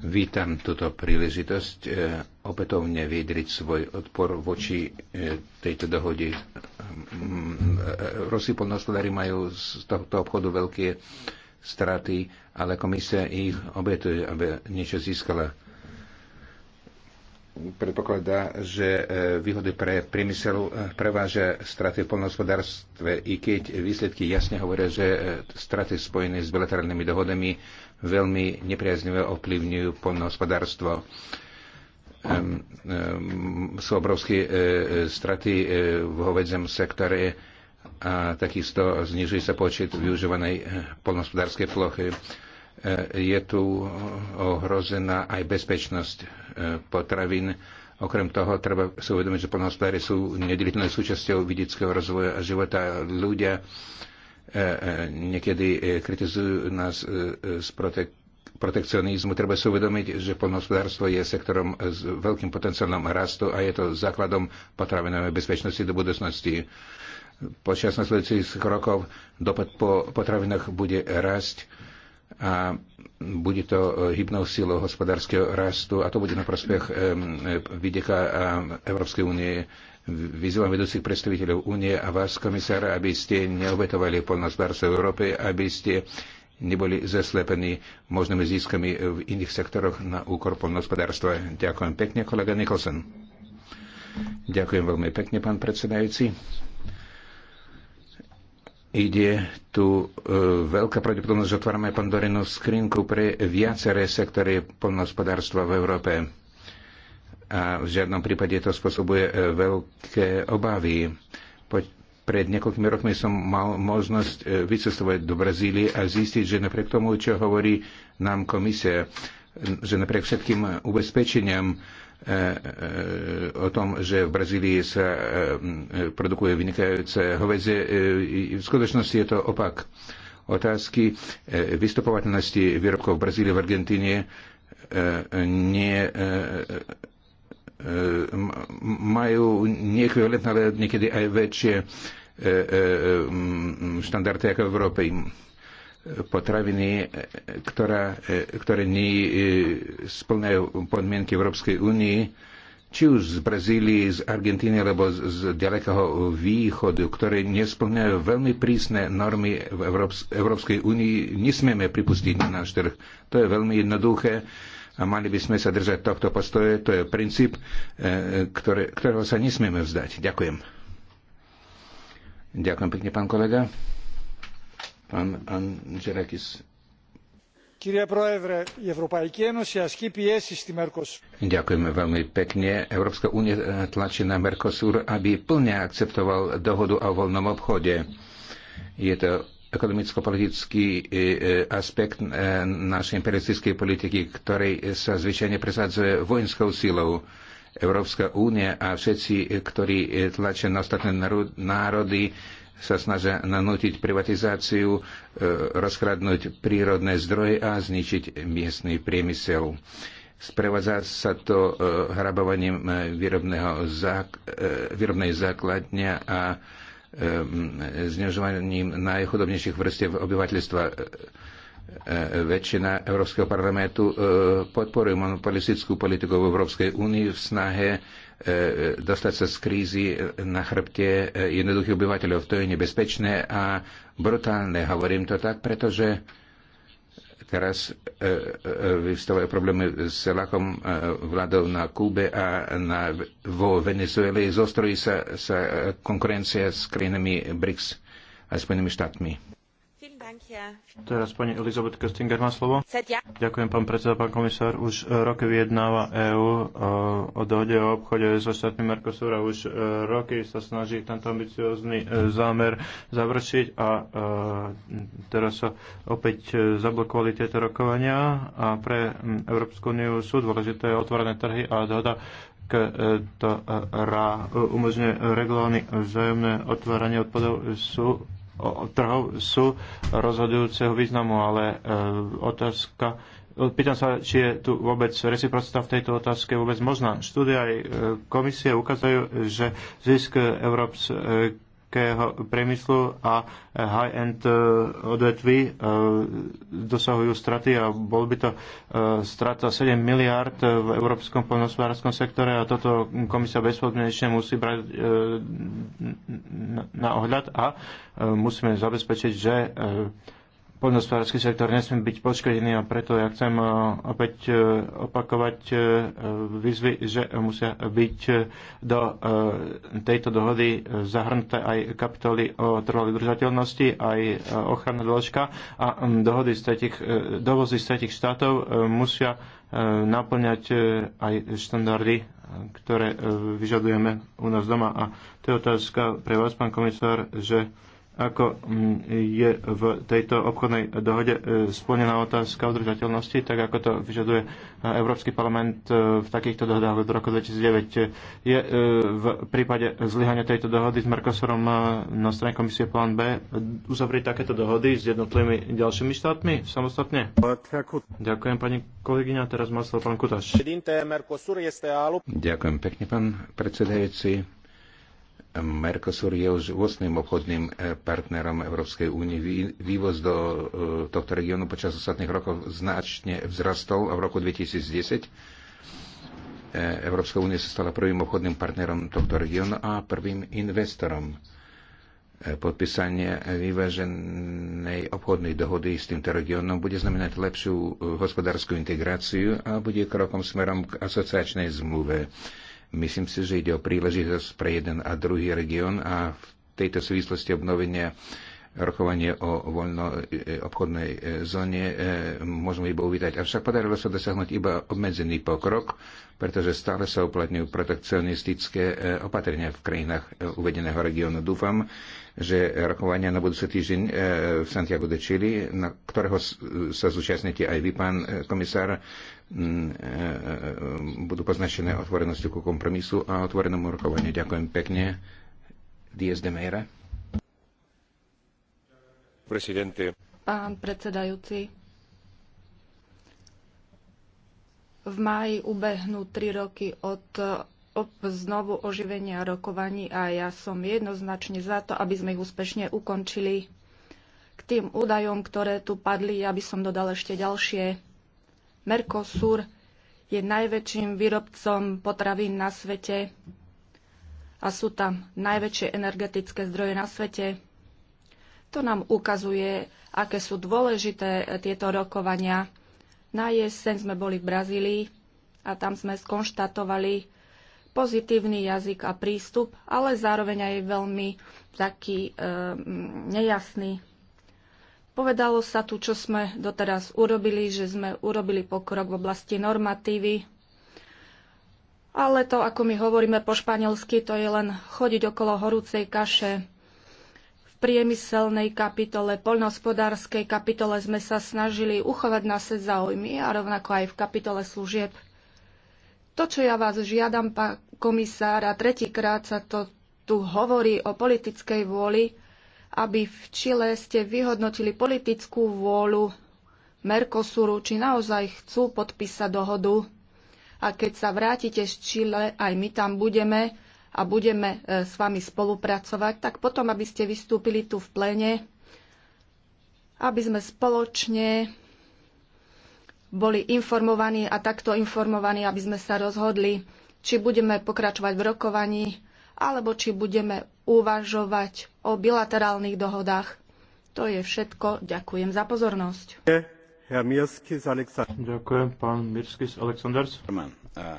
Vítam túto príležitosť uh, opätovne vyjadriť svoj odpor voči uh, tejto dohode. Um, Rusi polnospodári majú z tohto obchodu veľké straty, ale komisia ich obetuje, aby niečo získala. Predpokladá, že e, výhody pre priemysel e, prevážia straty v polnohospodárstve, i keď výsledky jasne hovoria, že e, straty spojené s bilaterálnymi dohodami veľmi nepriaznivé ovplyvňujú polnohospodárstvo sú obrovské straty v hovedzem sektore a takisto znižuje sa počet využívanej eh, polnospodárskej plochy. Eh, je tu ohrozená aj bezpečnosť eh, potravín. Okrem toho treba si uvedomiť, že polnospodári sú nedeliteľnou súčasťou vidického rozvoja a života. Ľudia niekedy kritizujú nás z protek- protekcionizmu. Treba si uvedomiť, že polnospodárstvo je sektorom s veľkým potenciálom rastu a je to základom potravinovej bezpečnosti do budúcnosti počas nasledujúcich rokov dopad po potravinách bude rásť a bude to e, hybnou silou hospodárskeho rastu a to bude na prospech e, e, videka Európskej únie. Vyzývam vedúcich predstaviteľov únie a vás, komisára, aby ste neobetovali polnospodárstvo Európy, aby ste neboli zaslepení možnými získami v iných sektoroch na úkor polnospodárstva. Ďakujem pekne, kolega Nicholson. Ďakujem veľmi pekne, pán predsedajúci. Ide tu e, veľká pravdepodobnosť, že otvárame pandorinu skrinku pre viaceré sektory poľnohospodárstva v Európe. A v žiadnom prípade to spôsobuje e, veľké obavy. Po, pred niekoľkými rokmi som mal možnosť e, vycestovať do Brazílie a zistiť, že napriek tomu, čo hovorí nám komisia, že napriek všetkým ubezpečeniam, e, E, e, o tom, že v Brazílii sa e, produkuje vynikajúce hovedzie. V skutočnosti je to opak otázky vystupovateľnosti výrobkov v Brazílii, v Argentíne nie majú neekvivalentné, ale niekedy aj väčšie štandardy ako v Európe potraviny, e, ktorá, e, ktoré nie splňajú podmienky Európskej únii, či už z Brazílie, z Argentíny alebo z, z ďalekého východu, ktoré nesplňajú veľmi prísne normy v Európs- Európskej únii, nesmieme pripustiť na náš trh. To je veľmi jednoduché a mali by sme sa držať tohto postoje. To je princíp, e, ktoré, ktorého sa nesmieme vzdať. Ďakujem. Ďakujem pekne, pán kolega. Ďakujeme veľmi pekne. Európska únia tlačí na Mercosur, aby plne akceptoval dohodu o voľnom obchode. Je to ekonomicko-politický e, e, aspekt e, našej imperialistickej politiky, ktorej sa zvyčajne presadzuje vojenskou silou. Európska únia a všetci, ktorí tlačia na ostatné národy, sa snažia nanútiť privatizáciu, e, rozkradnúť prírodné zdroje a zničiť miestny priemysel. Sprevádza sa to e, hrabovaním e, zák- výrobnej základne a znižovaním najchudobnejších vrstiev obyvateľstva E, väčšina Európskeho parlamentu e, podporuje monopolistickú politiku v Európskej únii v snahe e, dostať sa z krízy na chrbte jednoduchých obyvateľov. To je nebezpečné a brutálne. Hovorím to tak, pretože teraz vyvstávajú problémy s lakom vládov na Kúbe a na, vo Venezuele. Zostrojí sa, sa konkurencia s krajinami BRICS a Spojenými štátmi. Teraz pani Elizabeth Köstinger má slovo. Ďakujem, pán predseda, pán komisár. Už e, roky vyjednáva EÚ e, o dohode o obchode so štátmi Mercosura. Už e, roky sa snaží tento ambiciózny zámer završiť a teraz sa opäť zablokovali tieto rokovania a pre Európsku úniu sú dôležité otvorené trhy a dohoda to umožňuje regulárne vzájomné otváranie odpadov, sú trhov sú rozhodujúceho významu, ale eh, otázka Pýtam sa, či je tu vôbec reciprocita v tejto otázke vôbec možná. Štúdia aj eh, komisie ukazujú, že zisk eh, Európskej veľkého priemyslu a high-end e, odvetví e, dosahujú straty a bol by to e, strata 7 miliard v európskom poľnohospodárskom sektore a toto komisia bezpodmienečne musí brať na ohľad a musíme zabezpečiť, že poľnohospodársky sektor nesmie byť poškodený a preto ja chcem e, opäť e, opakovať e, výzvy, že musia byť do tejto dohody zahrnuté aj kapitoly o trvalej udržateľnosti, aj ochrana dĺžka a dohody z tretich, dovozy z tretich štátov musia naplňať aj štandardy, ktoré vyžadujeme u nás doma. A to je otázka pre vás, pán komisár, že ako mm, je v tejto obchodnej dohode e, splnená otázka udržateľnosti, tak ako to vyžaduje e, Európsky parlament e, v takýchto dohodách od roku 2009. Je v prípade zlyhania tejto dohody s Mercosurom na strane komisie plán B uzavrieť takéto dohody s jednotlivými ďalšími štátmi samostatne? Ďakujem pani kolegyňa, teraz má slovo pán Kutaš. Ďakujem pekne, pán predsedajúci. Mercosur je už 8. obchodným e, partnerom Európskej únie. Vývoz do e, tohto regiónu počas ostatných rokov značne vzrastol a v roku 2010 e, Európska únia sa stala prvým obchodným partnerom tohto regiónu a prvým investorom podpísanie vyváženej obchodnej dohody s týmto regiónom bude znamenať lepšiu hospodárskú integráciu a bude krokom smerom k asociačnej zmluve. Myslím si, že ide o príležitosť pre jeden a druhý región a v tejto súvislosti obnovenia rokovanie o voľno e, obchodnej e, zóne e, môžeme iba uvítať. Avšak podarilo sa dosiahnuť iba obmedzený pokrok, pretože stále sa uplatňujú protekcionistické opatrenia v krajinách uvedeného regiónu. Dúfam, že rokovania na budúci týždeň v Santiago de Chile, na ktorého sa zúčastnite aj vy, pán komisár, Mm, e, e, e, budú poznačené otvorenosťou ku kompromisu a otvorenému rokovaniu. Ďakujem pekne. Dies de Meire. Presidente. Pán predsedajúci, v máji ubehnú tri roky od znovu oživenia rokovaní a ja som jednoznačne za to, aby sme ich úspešne ukončili. K tým údajom, ktoré tu padli, ja by som dodal ešte ďalšie Mercosur je najväčším výrobcom potravín na svete a sú tam najväčšie energetické zdroje na svete. To nám ukazuje, aké sú dôležité tieto rokovania. Na jeseň sme boli v Brazílii a tam sme skonštatovali pozitívny jazyk a prístup, ale zároveň aj veľmi taký e, nejasný Povedalo sa tu, čo sme doteraz urobili, že sme urobili pokrok v oblasti normatívy, ale to, ako my hovoríme po španielsky, to je len chodiť okolo horúcej kaše. V priemyselnej kapitole, poľnohospodárskej kapitole sme sa snažili uchovať sed záujmy a rovnako aj v kapitole služieb. To, čo ja vás žiadam, pán komisár, a tretíkrát sa to tu hovorí o politickej vôli, aby v Čile ste vyhodnotili politickú vôľu Mercosuru, či naozaj chcú podpísať dohodu. A keď sa vrátite z Čile, aj my tam budeme a budeme e, s vami spolupracovať, tak potom, aby ste vystúpili tu v plene, aby sme spoločne boli informovaní a takto informovaní, aby sme sa rozhodli, či budeme pokračovať v rokovaní, alebo či budeme uvažovať o bilaterálnych dohodách. To je všetko. Ďakujem za pozornosť. Ďakujem, pán z Aleksandrs. Uh,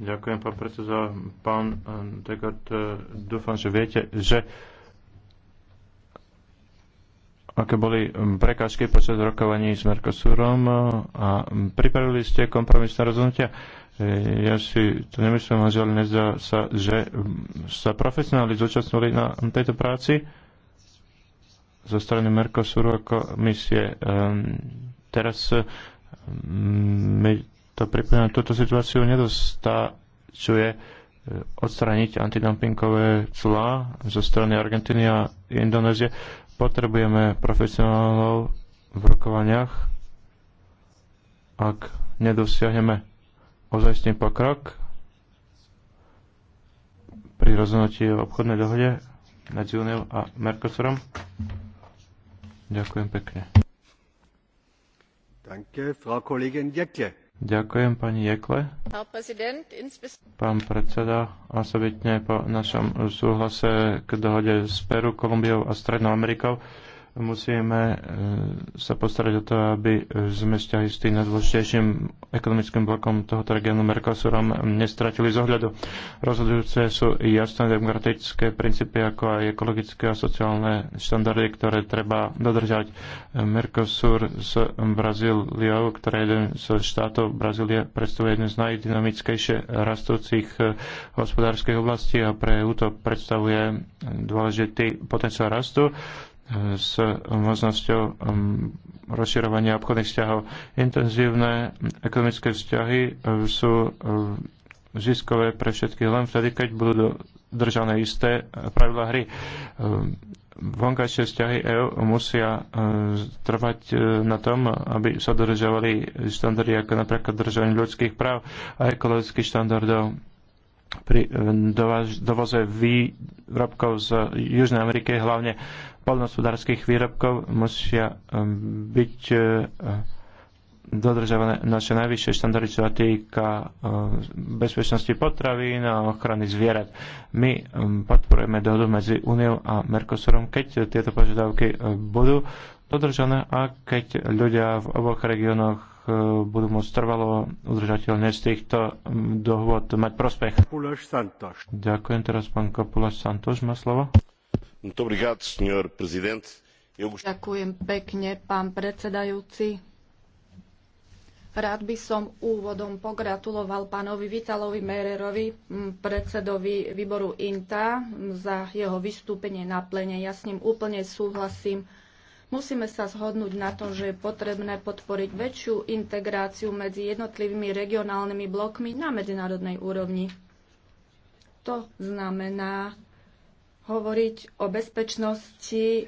Ďakujem, pán predseda. Pán uh, Degard, uh, dúfam, že viete, že aké boli um, prekážky počas rokovaní s Mercosurom a pripravili ste kompromisné rozhodnutia Eh, ja si to nemyslím, že nezdá sa, že mm, sa profesionáli zúčastnili na tejto práci zo strany Mercosuru ako misie. Ehm, teraz mm, mi to pripomína, túto situáciu nedostačuje eh, odstraniť antidumpingové clá zo strany Argentíny a Indonézie. Potrebujeme profesionálov v rokovaniach, ak nedosiahneme ozajstný pokrok pri rozhodnutí o obchodnej dohode medzi Uniou a Mercosurom. Ďakujem pekne. Danke, Frau Kollegin Jekle. Ďakujem pani Jekle. Pán predseda, osobitne po našom súhlase k dohode s Peru, Kolumbiou a Strednou Amerikou, musíme e, sa postarať o to, aby sme vzťahy s tým najdôležitejším ekonomickým blokom tohoto regiónu Mercosurom nestratili z ohľadu. Rozhodujúce sú jasné demokratické princípy, ako aj ekologické a sociálne štandardy, ktoré treba dodržať. Mercosur s Brazíliou, ktorá je jeden z štátov Brazílie, predstavuje jeden z najdynamickejšie rastúcich e, hospodárskych oblastí a pre EU to predstavuje dôležitý potenciál rastu s možnosťou um, rozširovania obchodných vzťahov. Intenzívne ekonomické vzťahy um, sú um, ziskové pre všetkých len vtedy, keď budú držané isté uh, pravidla hry. Vonkajšie vzťahy EU musia uh, trvať uh, na tom, aby sa dodržovali štandardy ako napríklad držanie ľudských práv a ekologických štandardov pri dovoze výrobkov z Južnej Ameriky, hlavne polnospodárských výrobkov musia um, byť e, dodržované naše najvyššie štandardy, čo sa týka e, bezpečnosti potravín a ochrany zvierat. My um, podporujeme dohodu medzi Úniou a Mercosurom, keď tieto požiadavky e, budú dodržané a keď ľudia v oboch regiónoch budú môcť trvalo udržateľne z týchto um, dohôd mať prospech. Ďakujem teraz pán Kopulaš Santoš, má slovo. Ďakujem pekne, pán predsedajúci. Rád by som úvodom pogratuloval pánovi Vitalovi Mererovi, predsedovi výboru INTA, za jeho vystúpenie na plene. Ja s ním úplne súhlasím. Musíme sa zhodnúť na tom, že je potrebné podporiť väčšiu integráciu medzi jednotlivými regionálnymi blokmi na medzinárodnej úrovni. To znamená hovoriť o bezpečnosti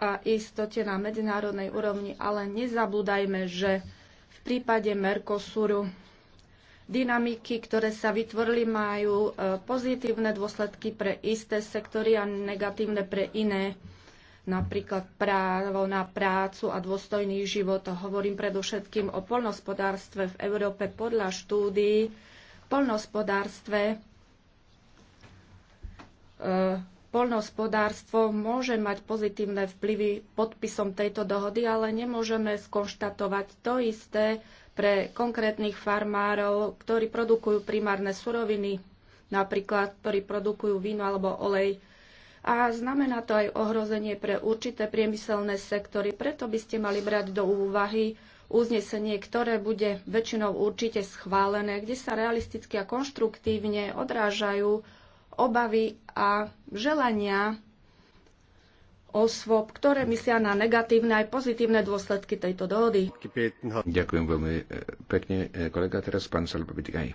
a istote na medzinárodnej úrovni, ale nezabúdajme, že v prípade Mercosuru dynamiky, ktoré sa vytvorili, majú e, pozitívne dôsledky pre isté sektory a negatívne pre iné, napríklad právo na prácu a dôstojný život. Hovorím predovšetkým o poľnohospodárstve v Európe podľa štúdií. V poľnohospodárstve e, Poľnohospodárstvo môže mať pozitívne vplyvy podpisom tejto dohody, ale nemôžeme skonštatovať to isté pre konkrétnych farmárov, ktorí produkujú primárne suroviny, napríklad ktorí produkujú víno alebo olej. A znamená to aj ohrozenie pre určité priemyselné sektory, preto by ste mali brať do úvahy uznesenie, ktoré bude väčšinou určite schválené, kde sa realisticky a konštruktívne odrážajú obavy a želania osôb, ktoré myslia na negatívne aj pozitívne dôsledky tejto dohody. Ďakujem veľmi e, pekne, e, kolega. Teraz pán Salbovitkaj.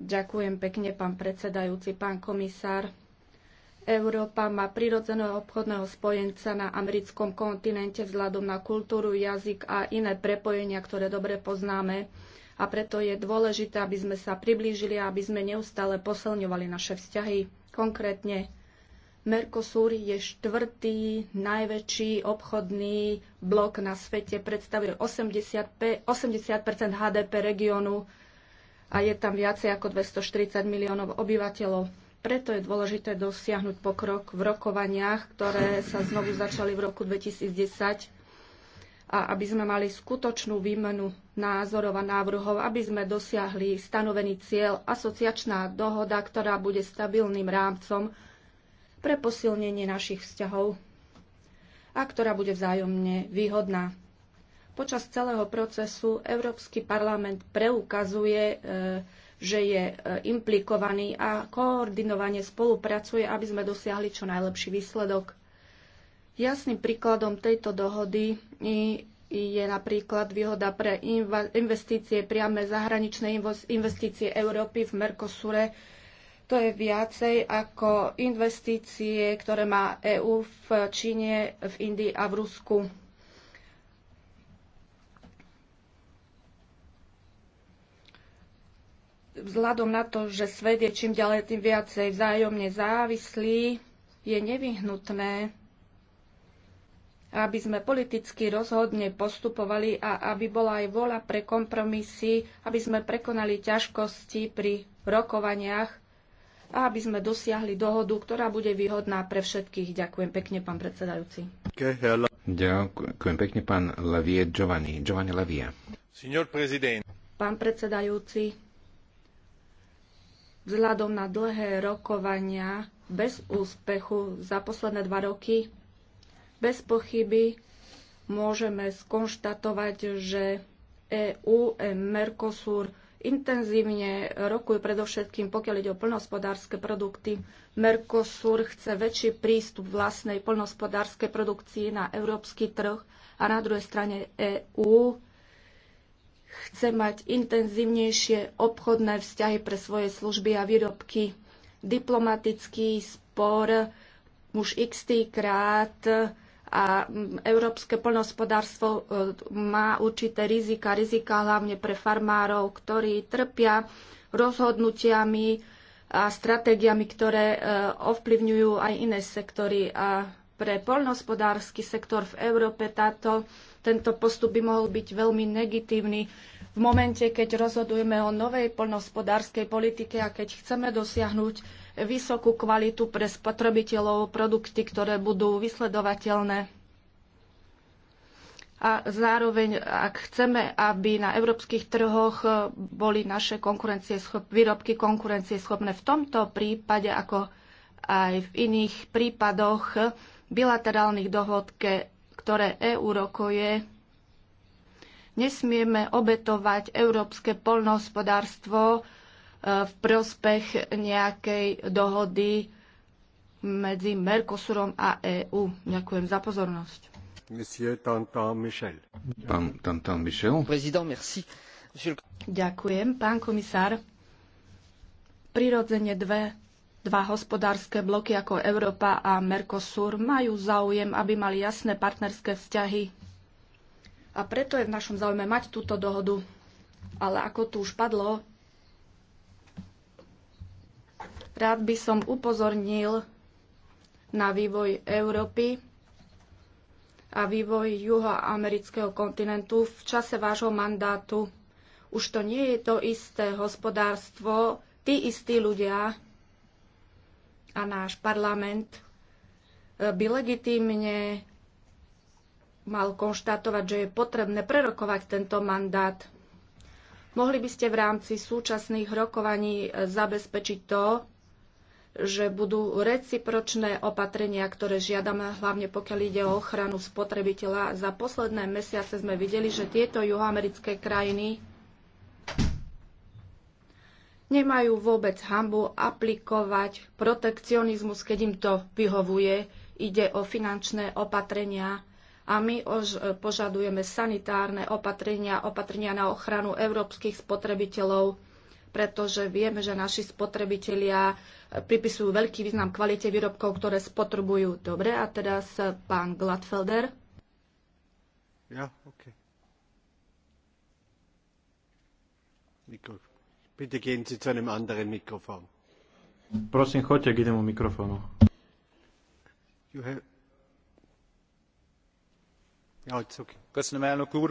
Ďakujem pekne, pán predsedajúci, pán komisár. Európa má prirodzeného obchodného spojenca na americkom kontinente vzhľadom na kultúru, jazyk a iné prepojenia, ktoré dobre poznáme a preto je dôležité, aby sme sa priblížili a aby sme neustále posilňovali naše vzťahy. Konkrétne Mercosur je štvrtý najväčší obchodný blok na svete, predstavuje 80, HDP regiónu a je tam viacej ako 240 miliónov obyvateľov. Preto je dôležité dosiahnuť pokrok v rokovaniach, ktoré sa znovu začali v roku 2010 a aby sme mali skutočnú výmenu názorov a návrhov, aby sme dosiahli stanovený cieľ asociačná dohoda, ktorá bude stabilným rámcom pre posilnenie našich vzťahov a ktorá bude vzájomne výhodná. Počas celého procesu Európsky parlament preukazuje, e, že je e, implikovaný a koordinovane spolupracuje, aby sme dosiahli čo najlepší výsledok. Jasným príkladom tejto dohody je napríklad výhoda pre investície, priame zahraničné investície Európy v Mercosure. To je viacej ako investície, ktoré má EÚ v Číne, v Indii a v Rusku. Vzhľadom na to, že svet je čím ďalej tým viacej vzájomne závislý, je nevyhnutné aby sme politicky rozhodne postupovali a aby bola aj vola pre kompromisy, aby sme prekonali ťažkosti pri rokovaniach a aby sme dosiahli dohodu, ktorá bude výhodná pre všetkých. Ďakujem pekne, pán predsedajúci. Ďakujem pekne, pán Lavie Giovanni. Giovanni Lavia. Pán predsedajúci, vzhľadom na dlhé rokovania bez úspechu za posledné dva roky bez pochyby môžeme skonštatovať, že EÚ, Mercosur intenzívne rokujú predovšetkým, pokiaľ ide o plnohospodárske produkty. Mercosur chce väčší prístup vlastnej plnohospodárskej produkcii na európsky trh a na druhej strane EÚ chce mať intenzívnejšie obchodné vzťahy pre svoje služby a výrobky. Diplomatický spor už x krát a mm, európske poľnohospodárstvo e, má určité rizika, rizika hlavne pre farmárov, ktorí trpia rozhodnutiami a stratégiami, ktoré e, ovplyvňujú aj iné sektory. A pre poľnohospodársky sektor v Európe táto, tento postup by mohol byť veľmi negatívny v momente, keď rozhodujeme o novej poľnohospodárskej politike a keď chceme dosiahnuť vysokú kvalitu pre spotrebiteľov, produkty, ktoré budú vysledovateľné. A zároveň, ak chceme, aby na európskych trhoch eh, boli naše schop, výrobky konkurencieschopné v tomto prípade, ako aj v iných prípadoch eh, bilaterálnych dohod, ktoré EÚ rokuje, nesmieme obetovať európske poľnohospodárstvo, Eh, v prospech nejakej dohody medzi Mercosurom a EÚ. Ďakujem za pozornosť. Monsieur Tantan Michel. Pán Tantan Michel. Prezident, merci. Ďakujem, pán komisár. Prirodzene dve, dva hospodárske bloky ako Európa a Mercosur majú záujem, aby mali jasné partnerské vzťahy. A preto je v našom záujme mať túto dohodu. Ale ako tu už padlo, Rád by som upozornil na vývoj Európy a vývoj juhoamerického kontinentu v čase vášho mandátu. Už to nie je to isté hospodárstvo, tí istí ľudia a náš parlament e, by legitímne mal konštatovať, že je potrebné prerokovať tento mandát. Mohli by ste v rámci súčasných rokovaní e, zabezpečiť to, že budú recipročné opatrenia, ktoré žiadame, hlavne pokiaľ ide o ochranu spotrebiteľa. Za posledné mesiace sme videli, že tieto juhoamerické krajiny nemajú vôbec hambu aplikovať protekcionizmus, keď im to vyhovuje. Ide o finančné opatrenia a my už požadujeme sanitárne opatrenia, opatrenia na ochranu európskych spotrebiteľov pretože vieme, že naši spotrebitelia eh, pripisujú veľký význam kvalite výrobkov, ktoré spotrebujú. Dobre, a teraz eh, pán Gladfelder. Ja, OK. Mikro. Bitte gehen Sie zu einem anderen Mikrofon. Prosím, choďte k inému mikrofónu. You have... ja, it's okay. Köszönöm, elnök úr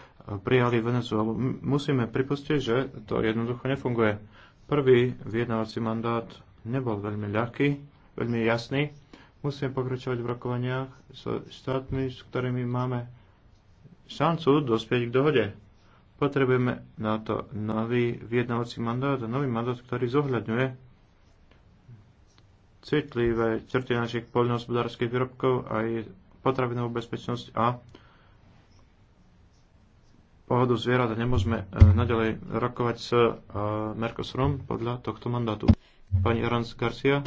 prijali Venezuelu. Musíme pripustiť, že to jednoducho nefunguje. Prvý vyjednávací mandát nebol veľmi ľahký, veľmi jasný. Musíme pokračovať v rokovaniach so štátmi, s ktorými máme šancu dospieť k dohode. Potrebujeme na to nový vyjednávací mandát a nový mandát, ktorý zohľadňuje citlivé črty našich poľnohospodárskych výrobkov aj potravinovú bezpečnosť a pohodu zvierat nemôžeme e, naďalej rokovať s e, Mercosurom podľa tohto mandátu. Pani Arans Garcia.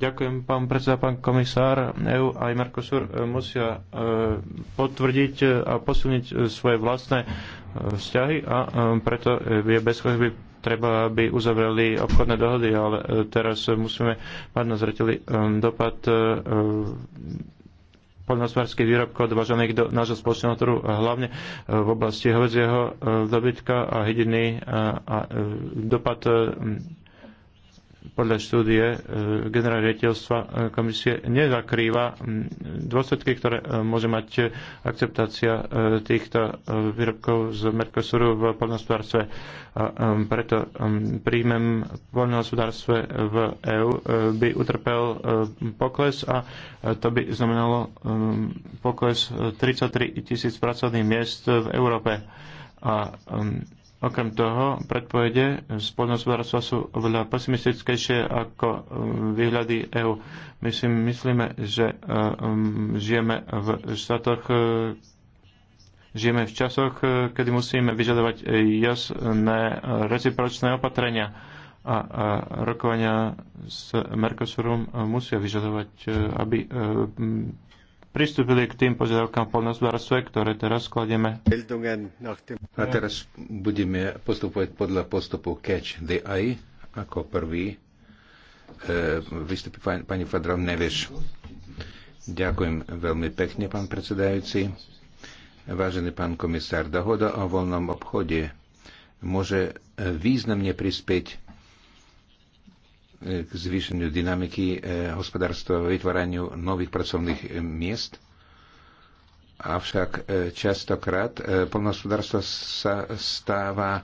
Ďakujem, pán predseda, pán komisár. EU aj Mercosur e, musia potvrdiť a posilniť svoje vlastné vzťahy a preto je bez chvíli treba, aby uzavreli obchodné dohody, ale teraz musíme mať na zreteli dopad poľnohospodárských výrobkov dovažených do nášho spoločného trhu, hlavne e, v oblasti hovedzieho e, dobytka a hydiny e, a, a dopad podľa štúdie e, generálne riaditeľstva e, komisie nezakrýva dôsledky, ktoré e, môže mať akceptácia týchto výrobkov z Mercosuru v poľnohospodárstve. preto príjmem poľnohospodárstve v EÚ by utrpel pokles a to by znamenalo pokles 33 tisíc pracovných miest v Európe. A Okrem toho, predpovede z poľnohospodárstva sú oveľa pesimistickejšie ako um, výhľady EÚ. My si myslíme, že um, žijeme v štátoch, uh, žijeme v časoch, uh, kedy musíme vyžadovať jasné recipročné opatrenia a, rokovania s Mercosurom musia vyžadovať, uh, aby pristúpili k tým požiadavkám v poľnohospodárstve, ktoré teraz skladieme. A teraz budeme postupovať podľa postupu Catch the Eye ako prvý. E, vystupí pani, Fadrov Neveš. Ďakujem veľmi pekne, pán predsedajúci. Vážený pán komisár, dohoda o voľnom obchode môže významne prispieť k zvýšeniu dynamiky e, hospodárstva, a vytváraniu nových pracovných e, miest. Avšak e, častokrát polnohospodárstvo sa stáva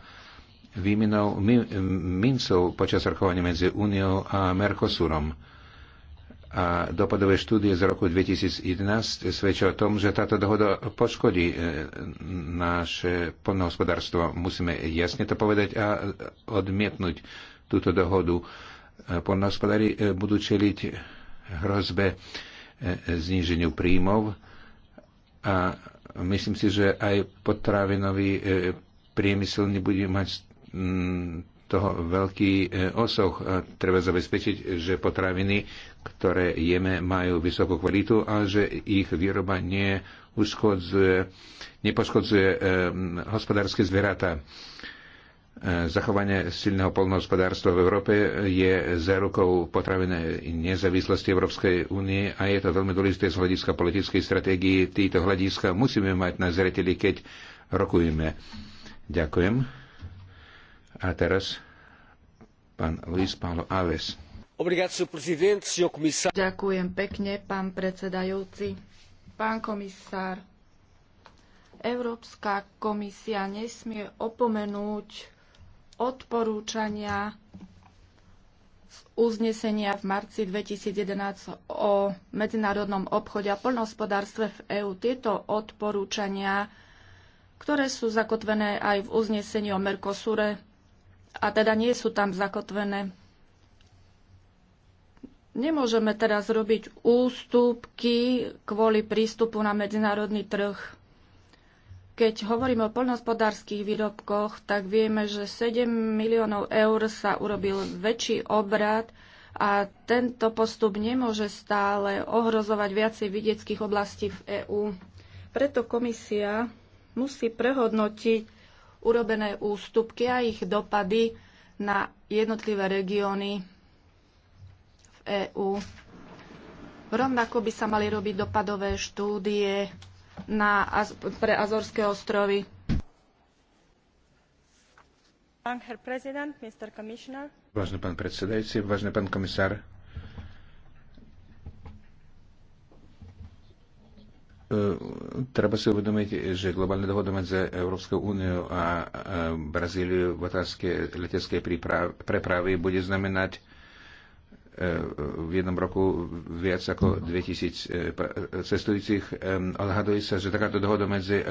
výmenou mincov počas rokovania medzi Úniou a Mercosurom. A dopadové štúdie z roku 2011 svedčia o tom, že táto dohoda poškodí naše polnohospodárstvo. Musíme jasne to povedať a odmietnúť túto dohodu polnohospodári e, budú čeliť hrozbe e, zníženiu príjmov a myslím si, že aj potravinový e, priemysel nebude mať mm, toho veľký osoch. Treba zabezpečiť, že potraviny, ktoré jeme, majú vysokú kvalitu a že ich výroba neuškodzuje, nepoškodzuje hospodárske zvieratá. E, zachovanie silného polnohospodárstva v Európe je zárukou potravinej nezávislosti Európskej únie a je to veľmi dôležité z hľadiska politickej stratégie. Týto hľadiska musíme mať na zreteli, keď rokujeme. Ďakujem. A teraz pán Luis Paulo Aves. Ďakujem pekne, pán predsedajúci. Pán komisár, Európska komisia nesmie opomenúť odporúčania z uznesenia v marci 2011 o medzinárodnom obchode a poľnohospodárstve v EÚ. Tieto odporúčania, ktoré sú zakotvené aj v uznesení o Mercosure, a teda nie sú tam zakotvené. Nemôžeme teraz robiť ústupky kvôli prístupu na medzinárodný trh keď hovoríme o poľnohospodárských výrobkoch, tak vieme, že 7 miliónov eur sa urobil väčší obrad a tento postup nemôže stále ohrozovať viacej vidieckých oblastí v EÚ. Preto komisia musí prehodnotiť urobené ústupky a ich dopady na jednotlivé regióny v EÚ. Rovnako by sa mali robiť dopadové štúdie na, pre Azorské ostrovy. Vážený pán predsedajúci, vážený pán komisár, e, treba si uvedomiť, že globálne dohoda medzi Európskou úniou a Brazíliou v otázke leteckej prepravy bude znamenať v jednom roku viac ako 2000 e, e, cestujúcich. Odhaduje sa, že takáto dohoda medzi e,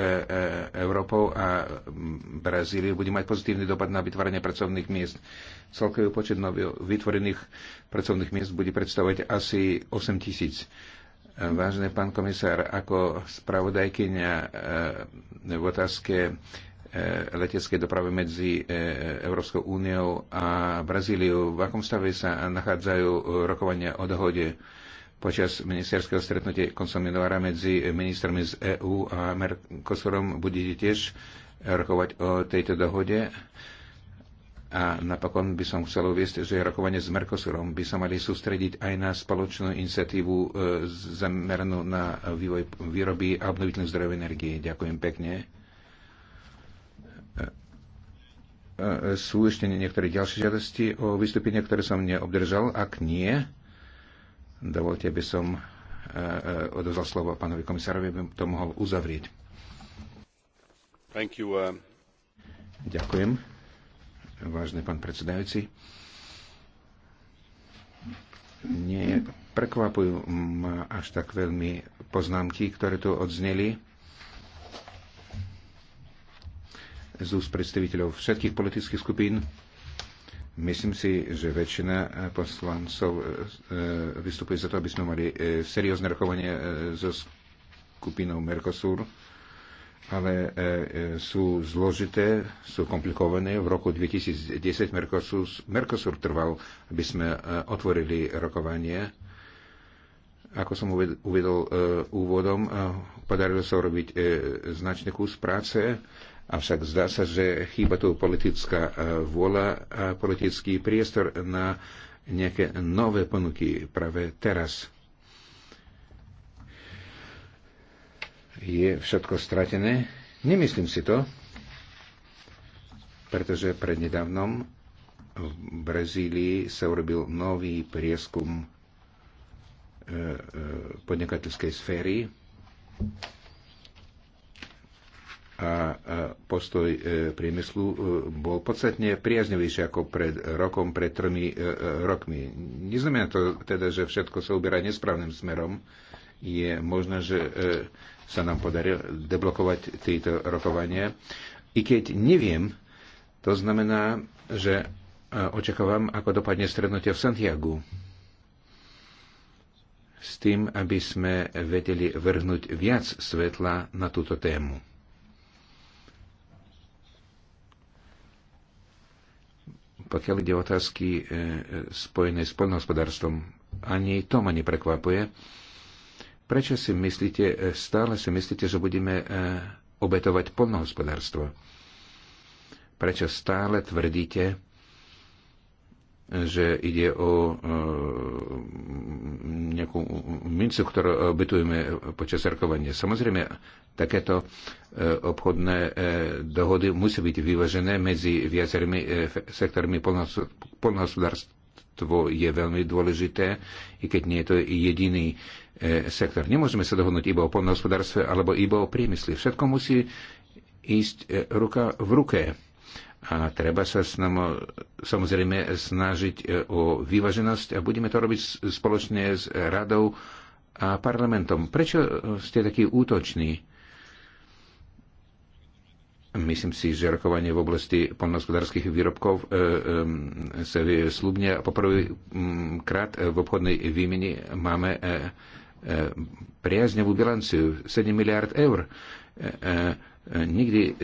Európou a Brazíliou bude mať pozitívny dopad na vytváranie pracovných miest. Celkový počet vytvorených pracovných miest bude predstavovať asi 8 tisíc. Vážený pán komisár, ako spravodajkyňa v otázke Eh, leteckej doprave medzi eh, Európskou úniou a Brazíliou. V akom stave sa nachádzajú eh, rokovania o dohode počas ministerského stretnutia koncom januára medzi ministrami z EÚ a Mercosurom? Budete tiež rokovať o tejto dohode? A napokon by som chcel uviesť, že rokovanie s Mercosurom by sa mali sústrediť aj na spoločnú iniciatívu zameranú na vývoj výroby a obnoviteľných zdrojov energie. Ďakujem pekne. E, sú ešte niektoré ďalšie žiadosti o vystúpenia, ktoré som neobdržal. Ak nie, dovolte, aby som e, e, odozval slovo pánovi komisárovi, aby to mohol uzavrieť. Thank you, uh... Ďakujem, vážny pán predsedajúci. Nie prekvapujú ma až tak veľmi poznámky, ktoré tu odzneli z úst predstaviteľov všetkých politických skupín. Myslím si, že väčšina eh, poslancov eh, eh, vystupuje za to, aby sme mali seriózne rokovanie so skupinou Mercosur, ale sú zložité, sú komplikované. V roku 2010 Mercosur, Mercosur trval, aby sme otvorili rokovanie. Ako som uvedol úvodom, podarilo sa urobiť značný kus práce Avšak zdá sa, že chýba tu politická e, vôľa a politický priestor na nejaké nové ponuky práve teraz. Je všetko stratené? Nemyslím si to, pretože prednedávnom v Brazílii sa urobil nový prieskum e, e, podnikateľskej sféry a postoj e, priemyslu e, bol podstatne priaznivejší ako pred rokom, pred tromi e, rokmi. Neznamená to teda, že všetko sa uberá nesprávnym smerom. Je možné, že sa nám podarilo deblokovať tieto rokovania. I keď neviem, to znamená, že očakávam, ako dopadne strednutie v Santiagu s tým, aby sme vedeli vrhnúť viac svetla na túto tému. Pokiaľ ide otázky e, e, spojené s poľnohospodárstvom, ani to ma neprekvapuje. Prečo si myslíte, e, stále si myslíte, že budeme obetovať poľnohospodárstvo? Prečo stále tvrdíte, že ide o e, nejakú mincu, ktorú obytujeme počas rokovania. Samozrejme, takéto e, obchodné e, dohody musí byť vyvážené medzi viacerými sektormi polnohospodárstvo je veľmi dôležité, i keď nie je to jediný sektor. Nemôžeme sa dohodnúť iba o polnohospodárstve alebo iba o priemysli. Všetko musí ísť ruka v ruke a treba sa nám, samozrejme snažiť e, o vyvaženosť a budeme to robiť spoločne s radou a parlamentom. Prečo e, ste takí útoční? Myslím si, že rokovanie v oblasti poľnohospodárských výrobkov e, e, sa slubne. Poprvýkrát e, v obchodnej výmene máme priaznevú bilanciu 7 miliard eur. nikdy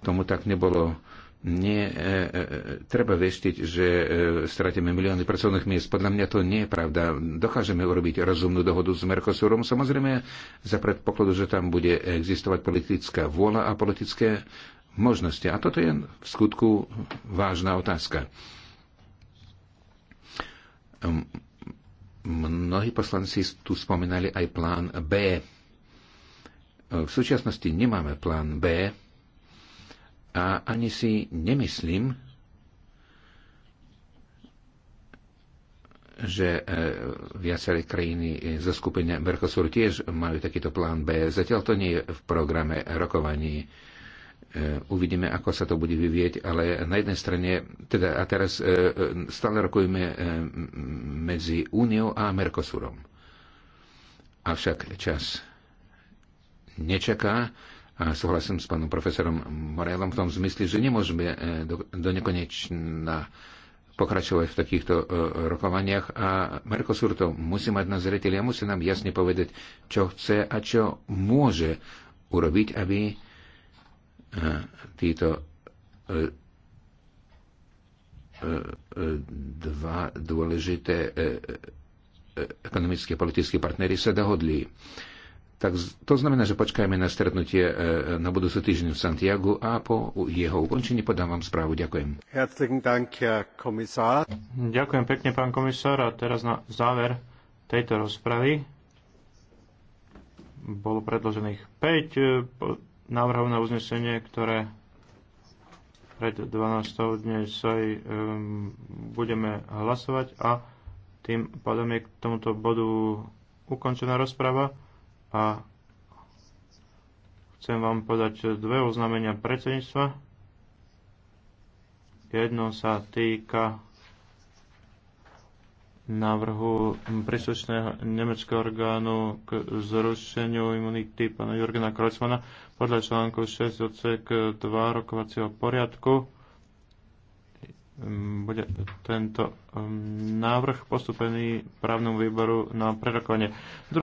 tomu tak nebolo nie, e, e, e treba veštiť, že e, stratíme milióny pracovných miest. Podľa mňa to nie je pravda. Dokážeme urobiť rozumnú dohodu s Mercosurom, samozrejme za predpokladu, že tam bude existovať politická vôľa a politické možnosti. A toto je v skutku vážna otázka. Mnohí poslanci tu spomínali aj plán B. E, v súčasnosti nemáme plán B, a ani si nemyslím, že e, viaceré krajiny zo skupiny Mercosur tiež majú takýto plán B. Zatiaľ to nie je v programe rokovaní. E, uvidíme, ako sa to bude vyvieť, ale na jednej strane, teda a teraz e, stále rokujeme medzi Úniou a Mercosurom. Avšak čas nečaká a súhlasím s pánom profesorom Morelom v tom zmysle, že nemôžeme e, do, do nekonečna pokračovať v takýchto e, rokovaniach a Mercosur to musí mať na zreteli a musí nám jasne povedať, čo chce a čo môže urobiť, aby e, títo e, e dva dôležité e, ekonomické a politické partnery sa dohodli. E, tak to znamená, že počkajme na stretnutie e, na budúci týždeň v Santiago a po jeho ukončení podám vám správu. Ďakujem. Ďakujem pekne, pán komisár. A teraz na záver tejto rozpravy bolo predložených 5 e, návrhov na uznesenie, ktoré pred 12. dnes aj um, budeme hlasovať a tým pádom je k tomuto bodu ukončená rozprava a chcem vám podať dve oznámenia predsedníctva. Jedno sa týka návrhu príslušného nemeckého orgánu k zrušeniu imunity pána Jurgena Kreuzmana podľa článku 6 odsek 2 rokovacieho poriadku. Bude tento um, návrh postupený právnom výboru na prerokovanie.